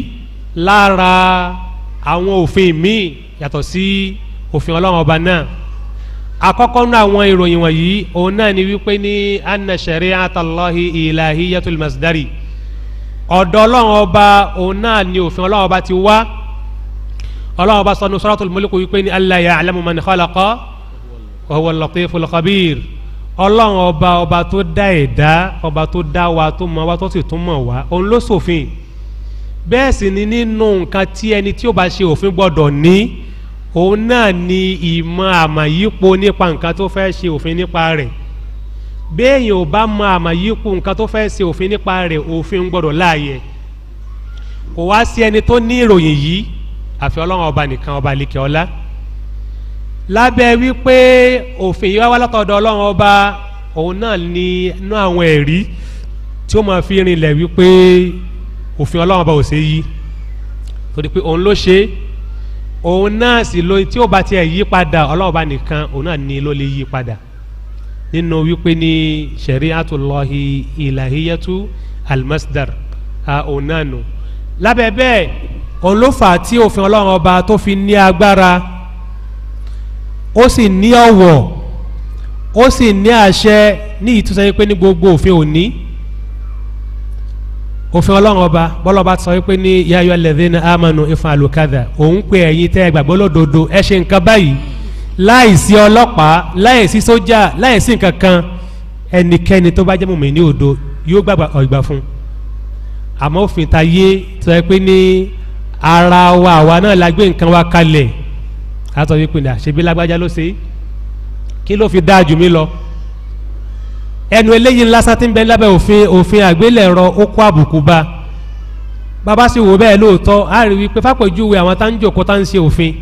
lára àwọn òfin míì yàtọ̀ sí òfin ọlọ́run ọba náà àkọ́kọ́ nínú àwọn ìròyìn wọ̀nyí òun náà ni wípé ní anna sharia talahi ilahi yatul masdari ọ̀dọ̀ ọlọ́run ọba òun náà ni òfin ọlọ́run ọba ti wá ọlọ́run ọba sọnù sọ́rọ́tò mọ́lẹ́kù wípé ní aláya alámùmá ní kọ́lákọ́ ọ̀wọ́ lọ́tẹ́ fúlọ́kọ́bìr ọlọ́run ọba ọba tó dá ẹ̀dá ọba tó dá wa tó mọ wa tó sì tún mọ̀ wá òun ló sòfin. So bẹ́ẹ̀ sì ni nínú nǹkan tí ẹni tí ó bá ṣe òfin gbọ́dọ̀ ní òun náà ni ìmọ̀ àmàyípo nípa nǹkan tó fẹ́ ṣe òfin nípa rẹ̀ béèyàn ò bá mọ àmàyípo nǹkan tó fẹ́ ṣe òfin nípa rẹ̀ òfin gbọ́dọ̀ láàyè kò wá sí ẹni tó ní ìròyìn yìí àfi ọlọ́run ọba nìkan ọba àlekè ọlá lábẹ́ wípé òfin yìí wá wá látọ̀dọ̀ ọlọ́run ọba òun náà ni inú àwọn ẹ̀rí tí ó máa fi rinlẹ̀ wípé òfin ọlọ́run ọba ò ṣe yí torí pé òun ló ṣe òun náà sì lo tí ó bá tiẹ̀ yí padà ọlọ́run ọba nìkan òun náà ni ló lè yí padà nínú wípé ní sẹ̀ríàtúlọ́hì ìlàhíyẹ́tú almasdar òun náà nù lábẹ́ bẹ́ẹ̀ òun ló fà á tí òfin ọlọ́run ọba tó fi ní agbára ó sì ní ọ̀wọ̀ ó sì ní àṣẹ ní ìtúsẹ́ pé ní gbogbo òfin òní òfin ọlọ́run ọba bọ́lọ́ba sọ wípé ní yayọ lẹ́dínà amanu ifan alukada òun pé ẹ̀yin tẹ́ ẹgbàgbọ́ lódodo ẹ ṣe nǹkan báyìí láìsí ọlọ́pàá láìsí sójà láìsí nǹkan kan ẹnikẹ́ni tó bá jẹ́ mọ̀mí ní odo yóò gbàgbà ọ̀gbà fún un àmọ́ òfin ta yé sọ pé ní ara wa àwa náà la gbé nǹkan wa kalẹ̀ àtọ̀ wípé ní àṣebí lágbájá ló ṣe kí ló fi dáa jù mí lọ ẹnu eléyìí lásán ti ń bẹ lábẹ́ òfin òfin àgbélẹ̀rọ ó kó àbùkù bá bàbá sì wò bẹ́ẹ̀ lóòótọ́ á rí wípé fàpèjúwe àwọn tá ń jòkó tá ń ṣe òfin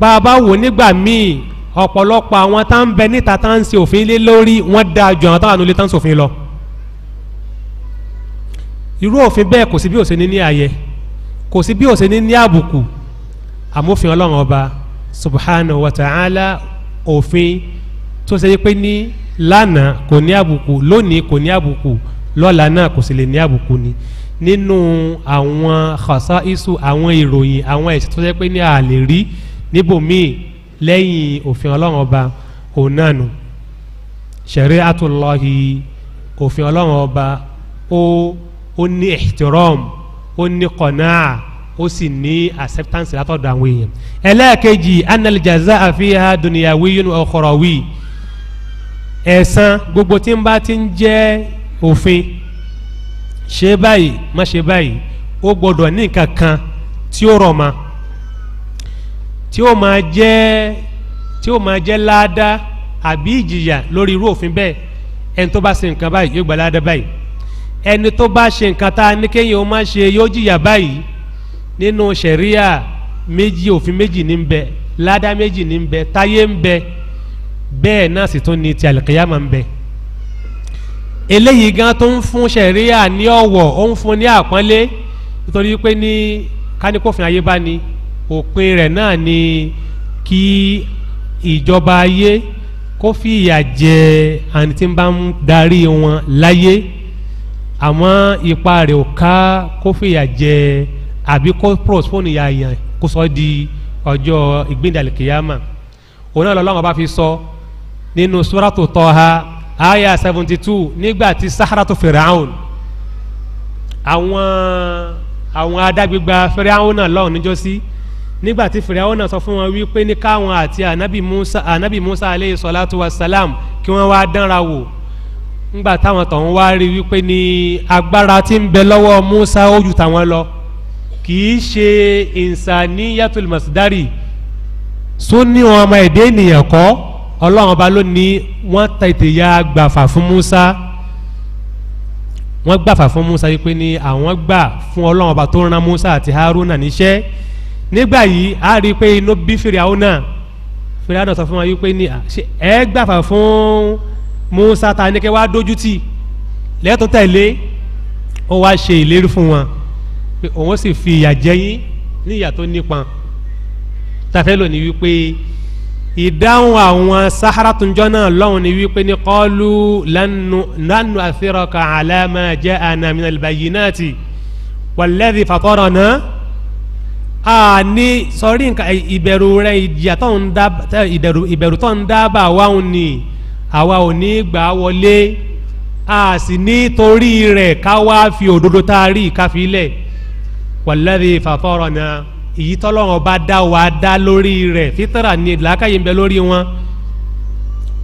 bàbá wò nígbà míì ọ̀pọ̀lọpọ̀ àwọn tá ń bẹ níta tá ń ṣe òfin lé lórí wọ́n dáa ju àwọn táwọn anulé tá ń ṣòfin lọ irú òfin bẹ́ẹ̀ kò sí bí òsè ní ní àyẹ kò sí bí òsè ní ní àbùkù àmófin ọlọ́run ọba subhanahu wa ta'ala òfin tó ṣe yí pé ní lánàá kò ní àbùkù lónìí kò ní àbùkù lọ́la náà kò sì lè ní àbùkù ni nínú àwọn xasa isu àwọn ìròyìn àwọn ẹ̀sìn tó jẹ́ pé ní a lè rí níbòmíì lẹ́yìn òfin ọlọ́run ọba òun náà nù ṣẹ̀rí àtúlọ́hì òfin ọlọ́run ọba ó ó ní ìhtìrọ́m ó ní kọ̀nà ó sì ní acceptance látọ̀dọ̀ àwọn èèyàn ẹlẹ́ẹ̀kejì analijaza àfihàn dùnìyàwí yóò ọkọ̀rọ̀wí. You ẹ̀sán gbogbo tí ń bá ti ń jẹ́ òfin ṣe báyìí má ṣe báyìí ó gbọdọ̀ ní nǹkan kan tí ó rọ̀ ma tí ó máa jẹ́ tí ó máa jẹ́ láàdá àbí ìjìyà lórí irú òfin bẹ́ẹ̀ ẹni tó bá ṣe nǹkan báyìí yóò gba láàdá báyìí ẹni tó bá ṣe nǹkan tá a ní kéèyàn ó má ṣe yóò jìyà báyìí nínú sẹ̀ríà méjì òfin méjì ní ń bẹ láàdá méjì ní ń bẹ táyé ń bẹ bẹ́ẹ̀ náà sì tún ni ti àlìkìyàmọ̀ ń bẹ eléyìí gan tó ń fún sẹ̀ríà ní ọ̀wọ̀ ó ń fún ní àpọ́nlé nítorí pé ní kánikófin ayé bá ní òpin rẹ̀ náà ni kí ìjọba ayé kó fi ìyà jẹ àni tí ń bá ń darí wọn láyé àmọ́ ipa rẹ̀ ò ká kó fi ìyà jẹ àbí kó postpone ìyà yàn kó sọ di ọjọ́ ìgbéǹdàlẹ̀ òun náà lọ́lọ́run bá fi sọ. So, nínú suratu tọ́ha aya seventy two nígbà tí saharatu firaun àwọn àwọn adágbégbá firaun náà lọ́wọ́ níjọ́sí nígbà tí firaun náà sọ fún wọn wípé ní káwọn àti anabi musa anabi musa aleyhi salatu wa salam kí wọ́n wá dánra wò ńgbà táwọn tọ̀hún wá rí wípé ní agbára tí ń bẹ lọ́wọ́ musa ó ju tàwọn lọ kì í ṣe ìsàníyàtúlmọ̀sídárì sún ní wọn ọmọ ẹ̀dẹ́ ènìyàn kọ́ ọlọ́run ọba ló ní wọ́n tètè ya gbàfà fún musa wọ́n gbàfà fún musa yìí pé ní àwọn gbà fún ọlọ́run ọba tó ran musa àti haruna níṣẹ́ nígbà yìí a rí i pé inú bí fìrìhàwọ́ náà fìrìhàwọ́ náà sọ fún wọn yìí pé ní ẹ gbàfà fún musa ta ni kẹ́ wá dójú tì lẹ́tọ̀ tẹ̀lé ó wá ṣe ìlérí fún wọn pé òun sì fi ìyà jẹ ní ìyà tó nípọn tàfẹ́ lónìí wípé ìdáhùn àwọn sáhárátúnjọ́ náà lọ́hùn ni wípé ní kọ́lù lánàá àfihàn àlámà jẹ́ ànàmìnà ìbàyí náà ti wàlẹ́dì fàtọ́rọ̀ náà a ní sọrí nǹkan ìbẹ̀rù rẹ ìjìyà tó ń dábàá ìbẹ̀rù tó ń dábàá wa ò àwa ò ní gbà wọlé a sì ní torí rẹ̀ ká fi òdodo tá a wàlẹ́dì fàtọ́rọ̀ náà èyí tọ́lọ́run ọba dá wa dá lórí rẹ̀ fítàrà ni làákàyè ń bẹ lórí wọn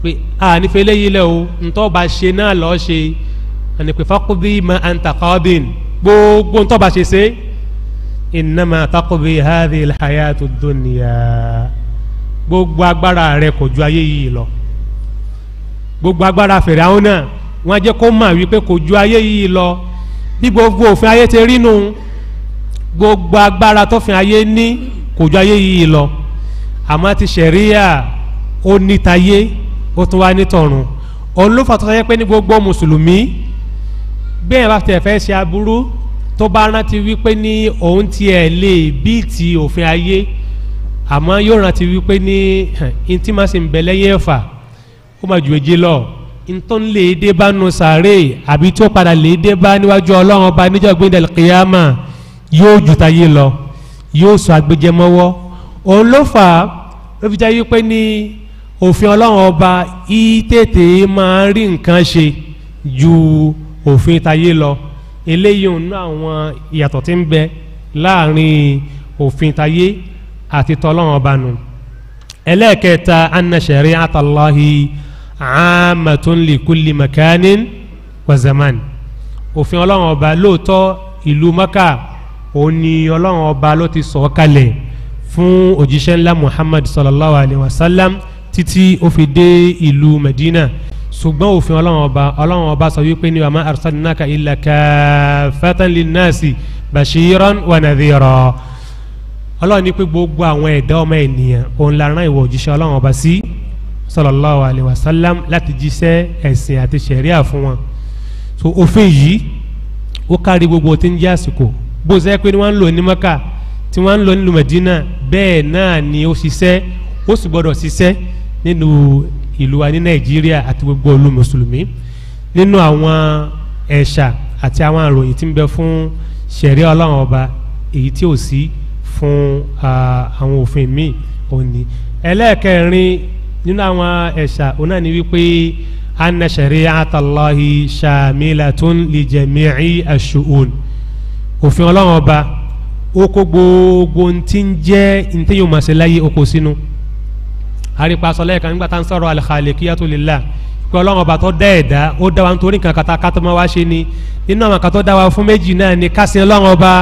pé a nífẹ̀ẹ́ léyìí lẹ́ o ntọ́ba ṣe náà lọ́ọ́ ṣe ànìpẹ́ fákúbí ma antakọ́dín gbogbo ntọ́ba ṣe ṣe ìnáma fákúbí hàdí ìlàyà tó dóníyà gbogbo agbára rẹ kò ju ayé yìí lọ gbogbo agbára fèrè àwọn náà wọn jẹ́ kó mà wípé kò ju ayé yìí lọ bí gbogbo òfin ayé ti rí nù. No gbogbo agbára tófin ayé ní kò ju ayé yìí lọ àmọ́ ti sẹ̀ríyà ó nítayé ó tún wá nítọ̀run òun ló fàtọ́ sọ́yẹ́ pé ní gbogbo mùsùlùmí bẹ́ẹ̀ bá tẹ̀ fẹ́ ṣe aburú tó bá rántí wípé ní òun tiẹ̀ lè bíi ti òfin ayé àmọ́ yóò rántí wípé ní ntí ń bẹ lẹ́yìn ẹ̀fà ó máa ju èjì lọ ntọ́ ń lè dé bá nu sàárè àbí tó padà lè dé bá níwájú ọlọ́run ọba níjọ́ gbé dàlùkìyàmà yóò ju tayé lọ yóò sọ agbẹjẹmọ́wọ́ òun ló fà á ló fi jẹ́ wípé ní òfin ọlọ́run ọba í tètè máa rí nǹkan ṣe ju òfin tayé lọ eléyìí òun àwọn ìyàtọ̀ tí ń bẹ láàrin òfin tayé àti tọ́lọ́run ọba nù ẹlẹ́ẹ̀kẹta anasẹ̀rí atalahi amatunlikuli makanin wazamani òfin ọlọ́run ọba lóòótọ́ ìlú maka òun ni ọlọ́run ọba ló ti sọ̀ kalẹ̀ fún òjíṣẹ́ ńlá muhammad sallallahu alayhi wa sallam títí ó fi dé ìlú medina ṣùgbọ́n òfin ọlọ́run ọba ọlọ́run ọba sọ wípé ní wàmà arsalinaka ilà kàfẹ́tàlì nọ́ọ̀sì bashiran wanadira ọlọ́run ní pé gbogbo àwọn ẹ̀dá ọmọ ènìyàn òun la rán ìwọ òjíṣẹ́ ọlọ́run ọba sí sallallahu alayhi wa sallam láti jíṣẹ́ ẹ̀sìn àti sẹ̀ríà fún wọn so òfin yìí ó kárí gbogbo tí ń jẹ́ àsìkò bó ṣe pé wọ́n ń lò ní mọ́kà tí wọ́n ń lò nílùú mẹ̀dínà bẹ́ẹ̀ náà ni ó ṣiṣẹ́ ó sì gbọ́dọ̀ ṣiṣẹ́ nínú ìlú wa ní nàìjíríà àti gbogbo olú mùsùlùmí nínú àwọn ẹ̀ṣà àti àwọn àròyìn tí ń bẹ fún ṣẹ̀rí ọlọ́run ọba èyí tí ò sí fún àwọn òfin míì òní ẹlẹ́ẹ̀kẹrin nínú àwọn ẹ̀ṣà òun náà ni wípé anna ṣẹ̀rí àtàlọ́hì ṣàmìlà tó ń lè jẹ̀mí àṣùhùn òfin ọlọ́run ọba ó kó gbogbo ti ń jẹ́ ntẹ́ yóò máa ṣe láyé oko sínú àrípa sọ lẹ́ẹ̀kan nígbà tá à ń sọ̀rọ̀ àlìkàlẹ̀ kíyà tó lè là pé ọlọ́run ọba tó dá ẹ̀dá ó dá wa nítorí nǹkan kata ká tó máa wá ṣe ni nínú àwọn kan tó dá wa fún méjì náà ni ká sin ọlọ́run ọba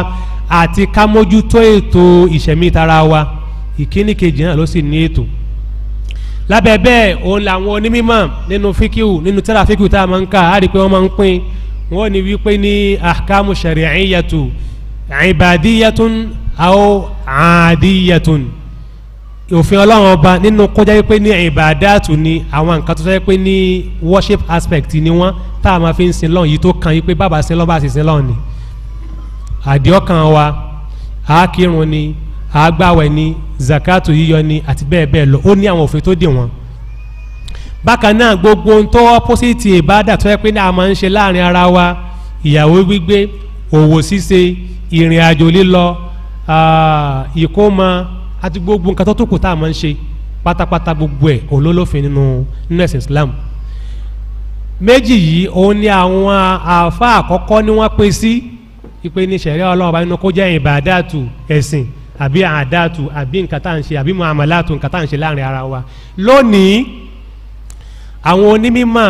àti ká mójútó ètò ìṣẹ̀mí tara wa ìkíní kejì náà ló sì ní ètò lábẹ́ bẹ́ẹ̀ òun làwọn onímọ̀ nínú fíkìú nínú tẹ́lá fíkìú tá a máa ń kà á pé wọ́n máa ń pín wọ́n ní wípé ní ahkamu shari'iyatu ibadiyatun aw aadiyatun òfin ọlọ́run ọba nínú kọjá wípé ní ìbàdàtù ni àwọn nǹkan tó jẹ́ pé ní worship aspect ni wọ́n tá a máa fi ń sin lọ́run yìí tó kan yìí pé bàbá sin lọ́run bá sin lọ́run ni àdìọ́kan wa àákírun ni àágbáwẹ̀ ni zakatu yíyọ ni àti bẹ́ẹ̀ bẹ́ẹ̀ lọ ó ní àwọn òfin tó dè wọ́n bákan náà gbogbo ohun tó ọ́pọ́sìtì ìbádà tó yẹ pé náà máa ń ṣe láàrin ara wa ìyàwó gbígbé òwò ṣíṣe ìrìn àjò lílọ ìkómọ àti gbogbo nǹkan tó tó kù tá a máa ń ṣe pátápátá gbogbo ẹ̀ olólùfẹ́ nínú nínú islam méjì yìí òun ni àwọn àáfà àkọ́kọ́ ni wọ́n pè sí ìpè ní sẹ̀rẹ́ ọlọ́run ọba nínú kó jẹ́ ìbàdàtù ẹ̀sìn àbí àdàtù àbí nǹkan tá à ń ṣe àbí muamalatu nǹkan tá à ń ṣe láàrin ara wa lónìí àwọn onímọ̀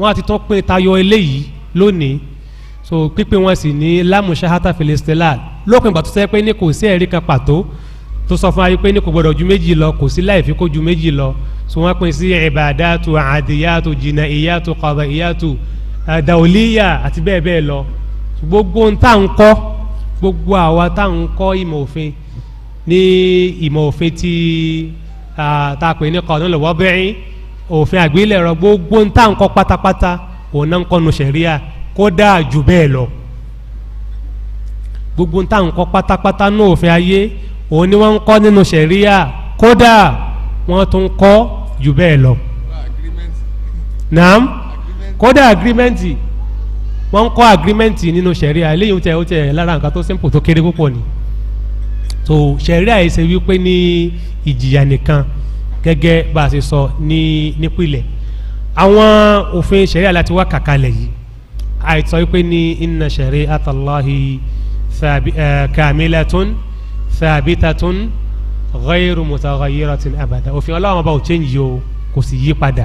wọn àti tán pé tayọ eléyìí lónìí so pípé wọn sì ní lámù sahata filistela lópin ìgbà tó sẹ́ pé ní kò sí ẹ̀rí kan pàtó tó sọ fún ayé pé ní kò gbọdọ̀ ju méjì lọ kò sí láì fi kó ju méjì lọ so wọ́n pín sí ìbàdàtò àdìyàtò jìnnà ìyàtò kọ̀ọ̀dọ̀ ìyàtò àdàolíyà àti bẹ́ẹ̀ bẹ́ẹ̀ lọ gbogbo ń ń kọ́ gbogbo àwa tá ń kọ́ ìmọ̀ òfin ní ìmọ̀ òfin ti ah, tá ní kọ̀ọ̀dọ̀ lọ́wọ́ bẹ́ẹ̀ òfin àgbélẹ̀rọ gbogbo ń tà ń kọ́ pátápátá òun náà ń kọ́nu sẹ̀ríà kódà jù bẹ́ẹ̀ lọ gbogbo ń tà ń kọ́ pátápátá ní òfin ayé òun ni wọ́n ń kọ́ nínú sẹ̀ríà kódà wọ́n tún kọ́ jù bẹ́ẹ̀ lọ. naam kódà agirimẹ́ǹtì wọ́n ń kọ́ agirimẹ́ǹtì nínú sẹ̀ríà eléyìí tẹ̀ ó tẹ̀ lára nǹkan tó simple tó kéré púpọ̀ ni so sẹ̀ríà yìí ṣe wípé ní ìjìyà nìkan gẹ́gẹ́ bá a ṣe sọ ní nípìnlẹ̀ àwọn òfin ṣẹ̀ríà láti wá kàkalẹ̀ yìí àìsàn wípé ní iná ṣẹ̀rí àtàláhi kàmílẹ̀tún sàbítàtún ghayru mutaghayyiratin abada òfin ọlọ́run ọba ò change yìí o kò sì yí padà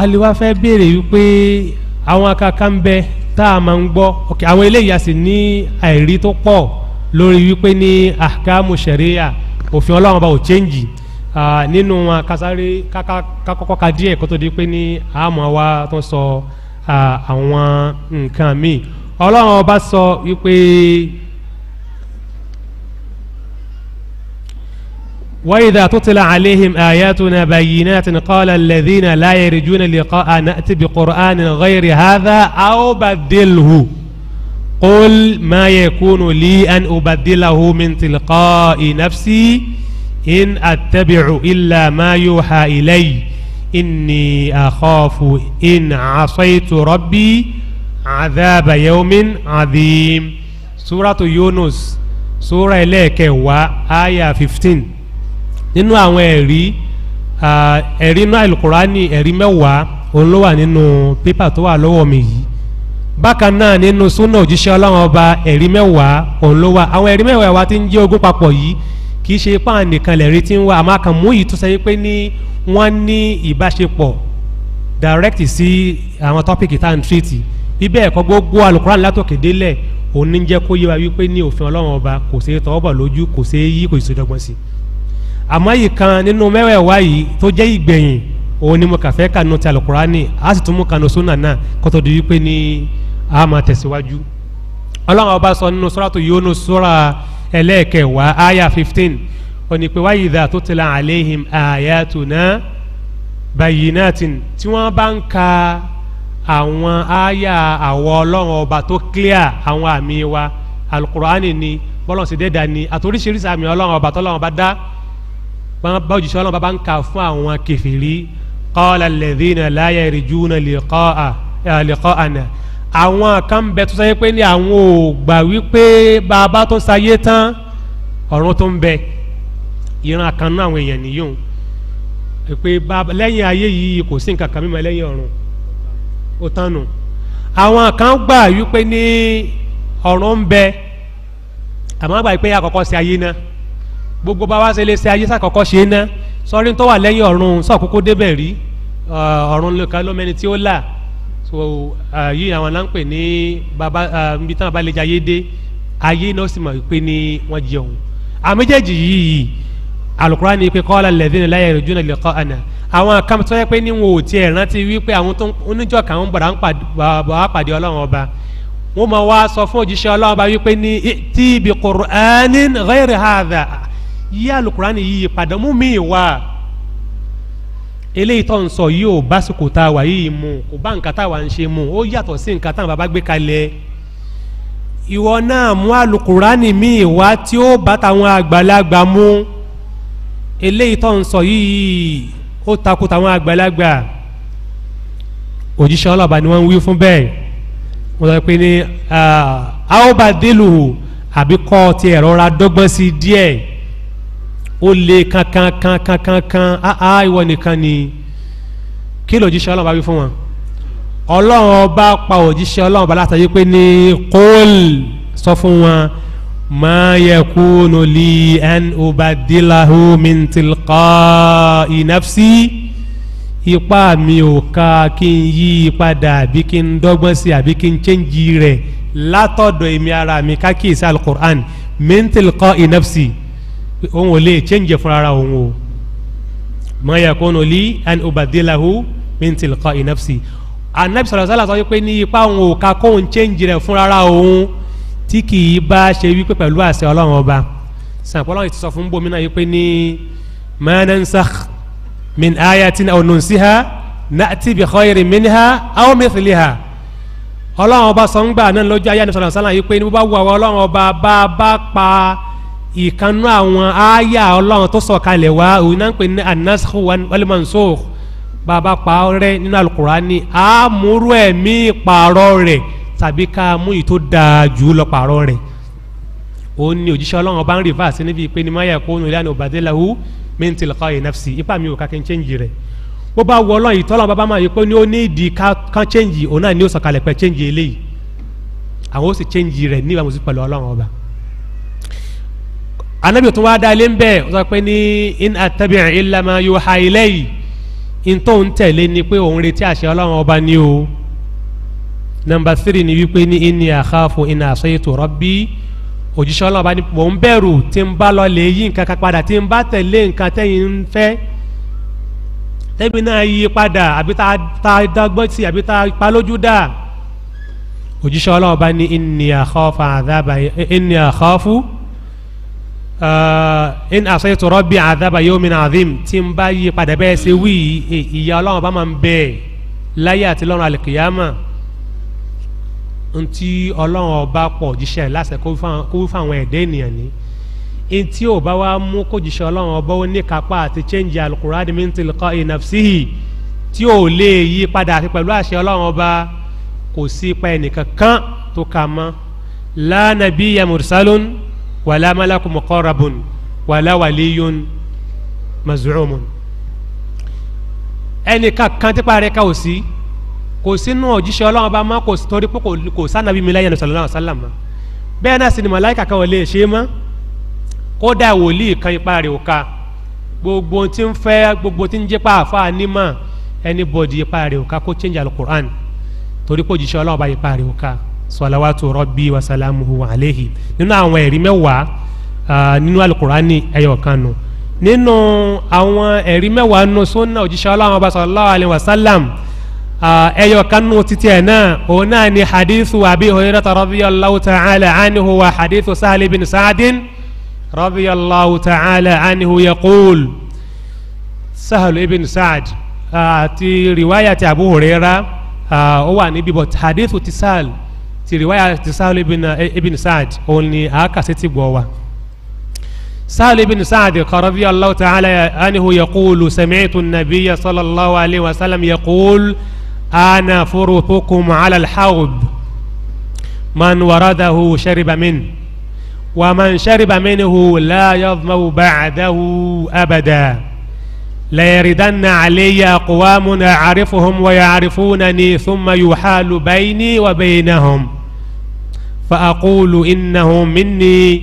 aliwa fẹ́ béèrè wípé àwọn akaka ń bẹ tá a máa ń gbọ́ àwọn eléyìí a sì ní àìrí tó pọ̀ lórí wípé ní ahkamu ṣẹ̀ríà òfin ọlọ́run ọba ò chẹ́ǹjì nínú wọn kásáré kákọ́kọ́ ka díẹ̀ kó tó di pé ní àmọ́ wa tó sọ àwọn nǹkan míì ọlọ́run ọba sọ wípé. وإذا تتلى عليهم آياتنا بينات قال الذين لا يرجون لقاء نأتي بقرآن غير هذا أو بدله قل ما يكون لي أن أبدله من تلقاء نفسي إن أتبع إلا ما يوحى إلي إني أخاف إن عصيت ربي عذاب يوم عظيم سورة يونس سورة إليك وآية 15 nínú àwọn ẹ̀rí ẹ̀rí náà alukurani ẹ̀rí mẹ́wàá òun ló wà nínú pépà bákan náà nínú súnà òjíṣẹ́ ọlọ́run ọba ẹ̀rí mẹ́wàá òun ló wà àwọn ẹ̀rí mẹ́wàá wa ti ń jẹ́ ogún papọ̀ yìí kì í ṣe páàn nìkan lẹ̀rí ti ń wà àmọ́ àkànmú yìí tó sẹ́yìn pé ní wọ́n ní ìbáṣepọ̀ direct sí àwọn tọ́pìkì tá à ń tírìtì bíbẹ́ ẹ̀kọ́ gbogbo alukuran látòkè délẹ̀ òun ní jẹ́ kó yé wa wípé ní òfin ọlọ́run ọba kò ṣe é tọwọ́ lójú kò ṣe é yí kò sì dọ́gbọ́n sí àmọ́ yìí kan nínú mẹ́wẹ̀ẹ̀wá yìí tó jẹ́ ìgbẹ̀yìn òun ni mo kà fẹ́ kànú ti alukurani a sì tún mú kànú sunna náà kó di wípé ní a máa tẹ̀síwájú ọlọ́run ọba sọ nínú sọ́ràtò yónú sọ́ra ẹlẹ́ẹ̀kẹwàá aya fifteen onípe wáyé ìdá tó tẹ̀lé àléhìm àyà tó ná báyìí náà tì tí wọ́n bá ń ka àwọn aya àwọ̀ ọlọ́run ọba tó clear àwọn àmì wa alukur'ani ni bọ́lọ̀ sí dẹ́dà ni àtòríṣiríṣi àmì ọlọ́run ọba tọ́lọ́run ọba dá bá òjìṣẹ́ ọlọ́run ọba bá ń ka fún àwọn kẹfìrí kọ́ọ̀lá lẹ́dínà láyé rìjúnà lè kọ́ àná àwọn kan bẹ tó sáyé pé ní àwọn ò gbà wípé bàbá tó sáyé tán ọ̀run tó ń bẹ ìran kan náà àwọn èèyàn nìyóò pé lẹ́yìn ayé yìí kò sí nǹkan kan mímọ lẹ́yìn ọ̀run ó tán nù àwọn kan gbà wípé ní ọ̀run ń bẹ àmọ́ gbà wípé àkọ́kọ́ sí ayé náà gbogbo bá wá ṣe lè ṣe ayé sàkọ́kọ́ ṣe náà sọ́rí tó wà lẹ́yìn ọ̀run sọ̀kókó débẹ̀ rí ọ̀run lóka lómẹni tí ó là so ah, yìí àwọn là ń pè ní baba ah, níbi táwọn bá lè jẹ ayé dé ayé náà sì mọ̀ pé ní wọ́n jẹun àméjèèjì yìí alukura ni pé kọ́lá lẹ́dínlẹ́ láyé rẹ̀ jóná lè kọ́ àná àwọn kan tó yẹ pé ní wọn ò tiẹ̀ rántí wípé àwọn tó oníjọ́ kan ń bọ̀dá pàdé ọlọ́run ọba wọ́n máa wá sọ fún òjíṣẹ́ ọlọ́run bá wípé ní tí ibi kùránì rẹ́rẹ́ hàdà yí alukurani yìí padà mú mi wá eléyìí tó ń sọ yìí ò básìkò tá a wà yìí mu kò bá nǹkan tá a wà ń ṣe mu ó yàtọ̀ sí nǹkan táwọn bàbá gbé kalẹ̀ ìwọ náà mú alukurani míì wá tí ó bá táwọn àgbàlagbà mú eléyìí tó ń sọ yìí ó takò táwọn àgbàlagbà òjíṣẹ́ ọlọ́ba ni wọ́n ń wí fún bẹ́ẹ̀ wọ́n sọ pé ní a bá délùú àbí ti ẹ̀rọ ra dọ́gbọ́n sí díẹ̀ ó le kankankankankan áá ah, ah, ìwọ nìkan ni kí lòjíṣẹ́ ọlọ́run bá wí fún wọn ọlọ́run ọba pa òjíṣẹ́ ọlọ́run bá látàyè pé ní kóòl sọ fún wọn máa yẹ kú nulí ẹn ọba díláhù mìntìlkọ́ ìnáfsí ipá mi ò ka kí n yí padà àbí kí n dọ́gbọ́n sí àbí kí n chẹ́ǹjì rẹ̀ látọ̀dọ̀ èmi ara mi ká kíyèsí alukur'an mìntìlkọ́ ìnáfsí òun ò lè change fún ara òun o mọ yakunu li an ubadilahu min tilqa inafsi anabi sọlá sọlá sọ pé ní ipa òun ò ka kóun change rẹ fún ara òun tí kì í bá ṣe wípé pẹ̀lú àṣẹ ọlọ́run ọba sàpọ̀lọ́ ti sọ fún bomi náà wípé ní manansak min ayatin aw nunsiha na'ti bi khayrin minha aw mithliha ọlọ́run ọba sọ ń gbà náà lójú ayé anabi sọlá sọlá yìí pé ní bó bá wù ìkanú àwọn àáyà ọlọ́run tó sọ̀kalẹ̀ wá òun náà ń pè ní anasco walimanso bàbá parẹ́ nínú alukurani àmúrú ẹ̀mí ìpààrọ̀ rẹ̀ tàbí ká mú ìtò dáa jù lọ pààrọ̀ rẹ̀ òun ni òjíṣẹ́ ọlọ́run ọba ń rìvà sí níbi ìpè ní máyà kó nu ìlànà òbàdélàwú mẹ́ntìlẹ́kọ̀ ìnáfsì ipa mi ò ká kí n chẹ́ǹjì rẹ̀ bó bá wọ ọlọ́run ìtọ́lọ́ bàbá máa yí pé ní ó ní ìdí kan chẹ́ǹjì òun náà ní ó sọ̀kalẹ̀ pẹ́ chẹ́ǹjì eléyìí àwọn ó sì chẹ́ǹjì rẹ̀ ní ìbámu sí pẹ̀lú ọlọ́run ọba anabi tó wá dalé ń bẹ ọ sọ pé ní in atabi'a illa ma yuha ilayhi ntọ́ ń tẹ̀lé ni pé òun retí àṣẹ ọlọ́run ọba ni o nọmba three ni wípé ní inni àkàfo iná àṣeyètò rọ́bì òjíṣẹ́ ọlọ́run ọba ni mò ń bẹ̀rù tí ń bá lọ lè yí nǹkan kan padà tí ń bá tẹ̀lé nǹkan tẹ́yìn ń fẹ́ tẹ́bi náà yí padà àbí tá a dọ́gbọ́n sí àbí tá a pa lójú dà òjíṣẹ́ ọlọ́run ọba ni inni àkàfo àdábà inni àkàfo. Uh, in asaytu rabbi adhaba yawmin azim tí n bá yí padà bẹ́ẹ̀ ṣe wí ìyá ọlọ́run bá máa ń bẹ láyé àti lọ́run alìkìyàmà ntí ọlọ́run ọba pọ̀ jíṣẹ́ láṣẹ kó wí fáwọn ẹ̀dẹ́ ènìyàn ní ntí ò bá wá mú kó jíṣẹ́ ọlọ́run ọba ó ní kápá àti chẹ́ǹjì alukuraani min tilqa'i nafsihi tí ò lè yí padà àti pẹ̀lú àṣẹ ọlọ́run ọba kò sí ipa ẹnìkan tó kà mọ́ la nabiyya wàlá malaku mọ̀kọ́rabùn wàlá wàlíyún mazuumun ẹnìkan kan tí parí ká ò sí kò sínú òjíṣẹ́ ọlọ́run bá má kò torí pé kò sànàbí mi láyẹn sọ̀rọ̀ náà sálàmà bẹ́ẹ̀ náà sì ni màláìkà kan ò lè ṣe é mọ́ kódà wòlíì kan ipa rẹ̀ ò ka gbogbo tí ń fẹ́ gbogbo tí ń jẹ́ pa àfa nímọ̀ anybody ipa rẹ̀ ò ka kó change alukur'an torí pé òjíṣẹ́ ọlọ́run bá ipa rẹ̀ ò ka sọláwàtú rọbí wasalamuhu alehi nínú àwọn ẹ̀rí mẹ́wàá nínú alukurani ẹ̀yọ̀ kanu nínú àwọn ẹ̀rí mẹ́wàá nínú sunna òjíṣẹ́ ọlọ́run ọba sọláwà alẹ́ wasalam ẹ̀yọ̀ kanu títí ẹ̀ náà òun náà ni hadithu abi hoyira rọbí allahu ta'ala anihu wa hadithu sahali bin saadin rọbí allahu ta'ala anihu yaqul sahal ibn saad àti riwayat abu huraira ó wà níbi but hadithu ti sahal. ti riwaya ti sahlu ibn ibn saad oni aka se ti gbọ́ wa sahlu ibn saad kọ̀rọ̀bí allahu ta'ala anhu yaqulu sami'tu an nabiya sallallahu alayhi wa sallam yaqul ana furuthukum ala al-hawd man waradahu shariba min wa man shariba minhu la yadhmu ba'dahu abada لا يردن علي أقوام أعرفهم ويعرفونني ثم يحال بيني وبينهم فأقول إنه مني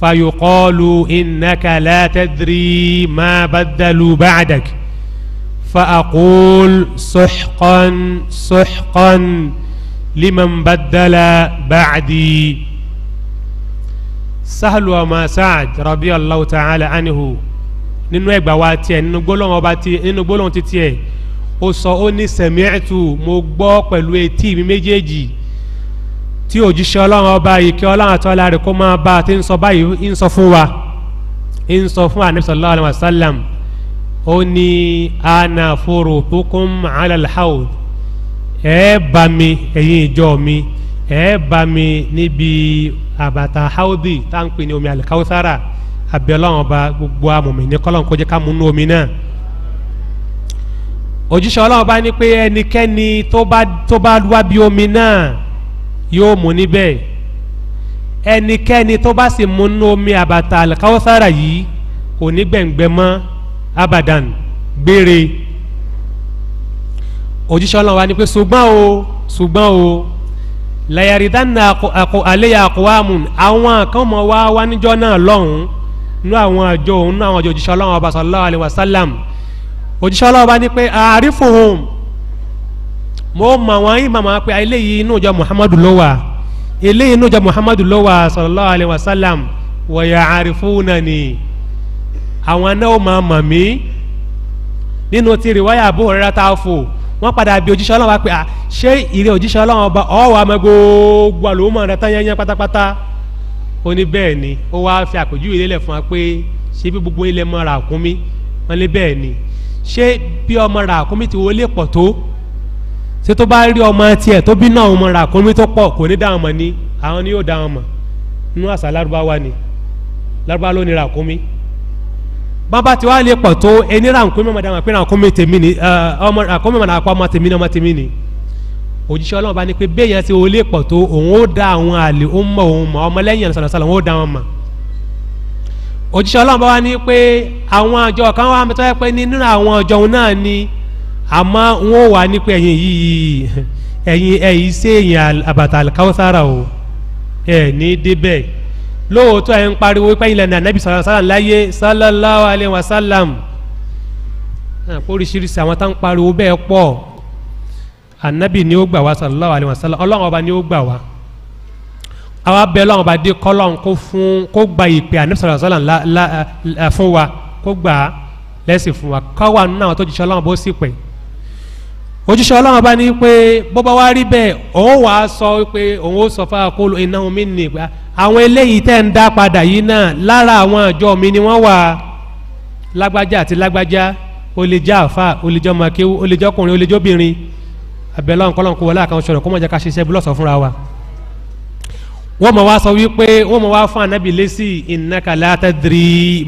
فيقال إنك لا تدري ما بدلوا بعدك فأقول سحقا سحقا لمن بدل بعدي سهل وما سعد رضي الله تعالى عنه ننو يقبواتي ننو قولون وباتي ننو قولون تتي وصعوني سمعتو مقبوك والويتي بمجيجي tí òjíṣẹ́ ọlọ́run ọba ìkẹ́ ọlọ́run àtọ́lá rẹ̀ kó máa bá a ti ń sọ báyìí ń sọ fún wa ń sọ fún anabisalaam alayhi wa sallam ó ní ana fòrò fúnkún alalhaw ẹ bá mi ẹ̀yin ìjọ mi ẹ bá mi níbi àbàtà haudi tá ní omi alikawusara abẹ́ ọlọ́run ọba gbogbo amòmí ní kọ́lọ́n kó jẹ́ ká mú nú omi náà òjíṣẹ́ ọlọ́run ọba ní pé ẹnikẹ́ni tó bá wá bí omi náà yóò mú níbẹ̀ ẹnikẹ́ni tó bá sì mú nú omi àbàtà àlùkáwọ́sára yìí kò ní gbẹ̀ngbẹ̀ mọ́ abadan gbére òjíṣẹ́ ọlọ́run wa ni pé ṣùgbọ́n o ṣùgbọ́n o lẹ́yàrídánná àkọ àléyà àkọwàmù àwọn kan mọ̀ wá wá níjọ́ náà lọ́hùn-ún nú àwọn àjọ òun nú àwọn àjọ òjíṣẹ́ ọlọ́run ọba sọlá alẹ́ wàsálàm òjíṣẹ́ ọlọ́run wa ni pé àárífò home mo mọ àwọn yìí màmá pé eléyìí inú ìjọ muhammadu ló wà eléyìí inú ìjọ muhammadu ló wà sallallahu alayhi wa sallam wọ̀yà àrífúnà ni àwọn náà máa mọ̀ mí nínú ti rìwáyà bó rẹ̀ ta fò wọ́n padà bí òjíṣẹ́ ọlọ́wọ́ pé ṣé ìrẹ́ òjíṣẹ́ ọlọ́wọ́ ọba ọ̀wọ́ àmọ́ gbogbo àlòmọ́ rẹ̀ tán yẹn pátápátá ó ní bẹ́ẹ̀ ni ó wáá fi àpèjúwe lélẹ̀ fún wa pé ṣé bí gbogbo ilẹ̀ mọ́ ràkúnmí wọ́n ní bẹ́ẹ̀ ni ṣé bí ọmọ ràkúnmí ti wọlé pọ̀ tó ṣé tó bá rí ọmọ tiẹ̀ tó bí náà ọmọ rà kó mi tó pọ̀ kò ní dáhùn mọ̀ ni àwọn ni yóò dáhùn mọ̀ nínú àṣà lárúbáwá ni lárúbáwá ló ní rà kó mi bàbá tí wàá lè pọ̀ tó ẹni rà nkúmi ọmọdé àwọn àpẹẹrẹ àkúmi tèmi ni ọmọ àkúmi ọmọdé àpá ọmọ tèmi ni ọmọ tèmi ni òjíṣẹ́ ọlọ́run bá ní pé bẹ́ẹ̀ yẹn ti wọlé pọ̀ tó òun ó da àwọn àlè ó mọ òun mọ ọmọlẹ́yìn ẹ̀rọ àmọ́ wọ́n wà ní pé ẹ̀yin yìí ẹ̀yin ẹ̀yin sèèyàn àbàtà àlùkáwọ́sára o ẹ̀ ní débẹ̀ lóòótọ́ ẹ̀ ń pariwo pé ẹ̀yin lẹ́nu ànábì sọ̀rọ̀ sálàm láyé sálàláwà alẹ́ wa sálàm oríṣiríṣi àwọn tá ń pariwo bẹ́ẹ̀ pọ̀ ànábì ni ó gbà wá sálàláwà alẹ́ wa sálàm ọlọ́run ọba ni ó gbà wá àwa bẹ ọlọ́run ọba dé kọ́lọ́run kó fún kó gba ìpè ànábì sọ̀rọ̀ sálàm fún wa kó gbà lẹ́sìn fún wa káwa nínú àwọn tó jíṣẹ́ ọlọ́run bó sì pẹ̀ẹ́ ojúṣe ọlọ́run bá ní pé bó bá wá rí bẹ́ẹ̀ òun wàá sọ pé òun ó sọ fún akóló iná omi nìgbà àwọn eléyìí tẹ́ ń dá padà yìí náà lára àwọn àjọ mi ni wọ́n wà lágbájá àti lágbájá ó lè jẹ́ àfa ó lè jẹ́ ọkùnrin ó obìnrin abẹ́lẹ́ ọ̀nkọ́ lọ́nkọ́ wọlé àkànṣe rẹ̀ kó mọ̀ ká ṣiṣẹ́ búlọ̀sọ̀ fúnra wa. wọ́n mọ̀ wá sọ wípé wọ́n mọ̀ wá fún anabi lẹ́sì ìnákàlá àtàdìrí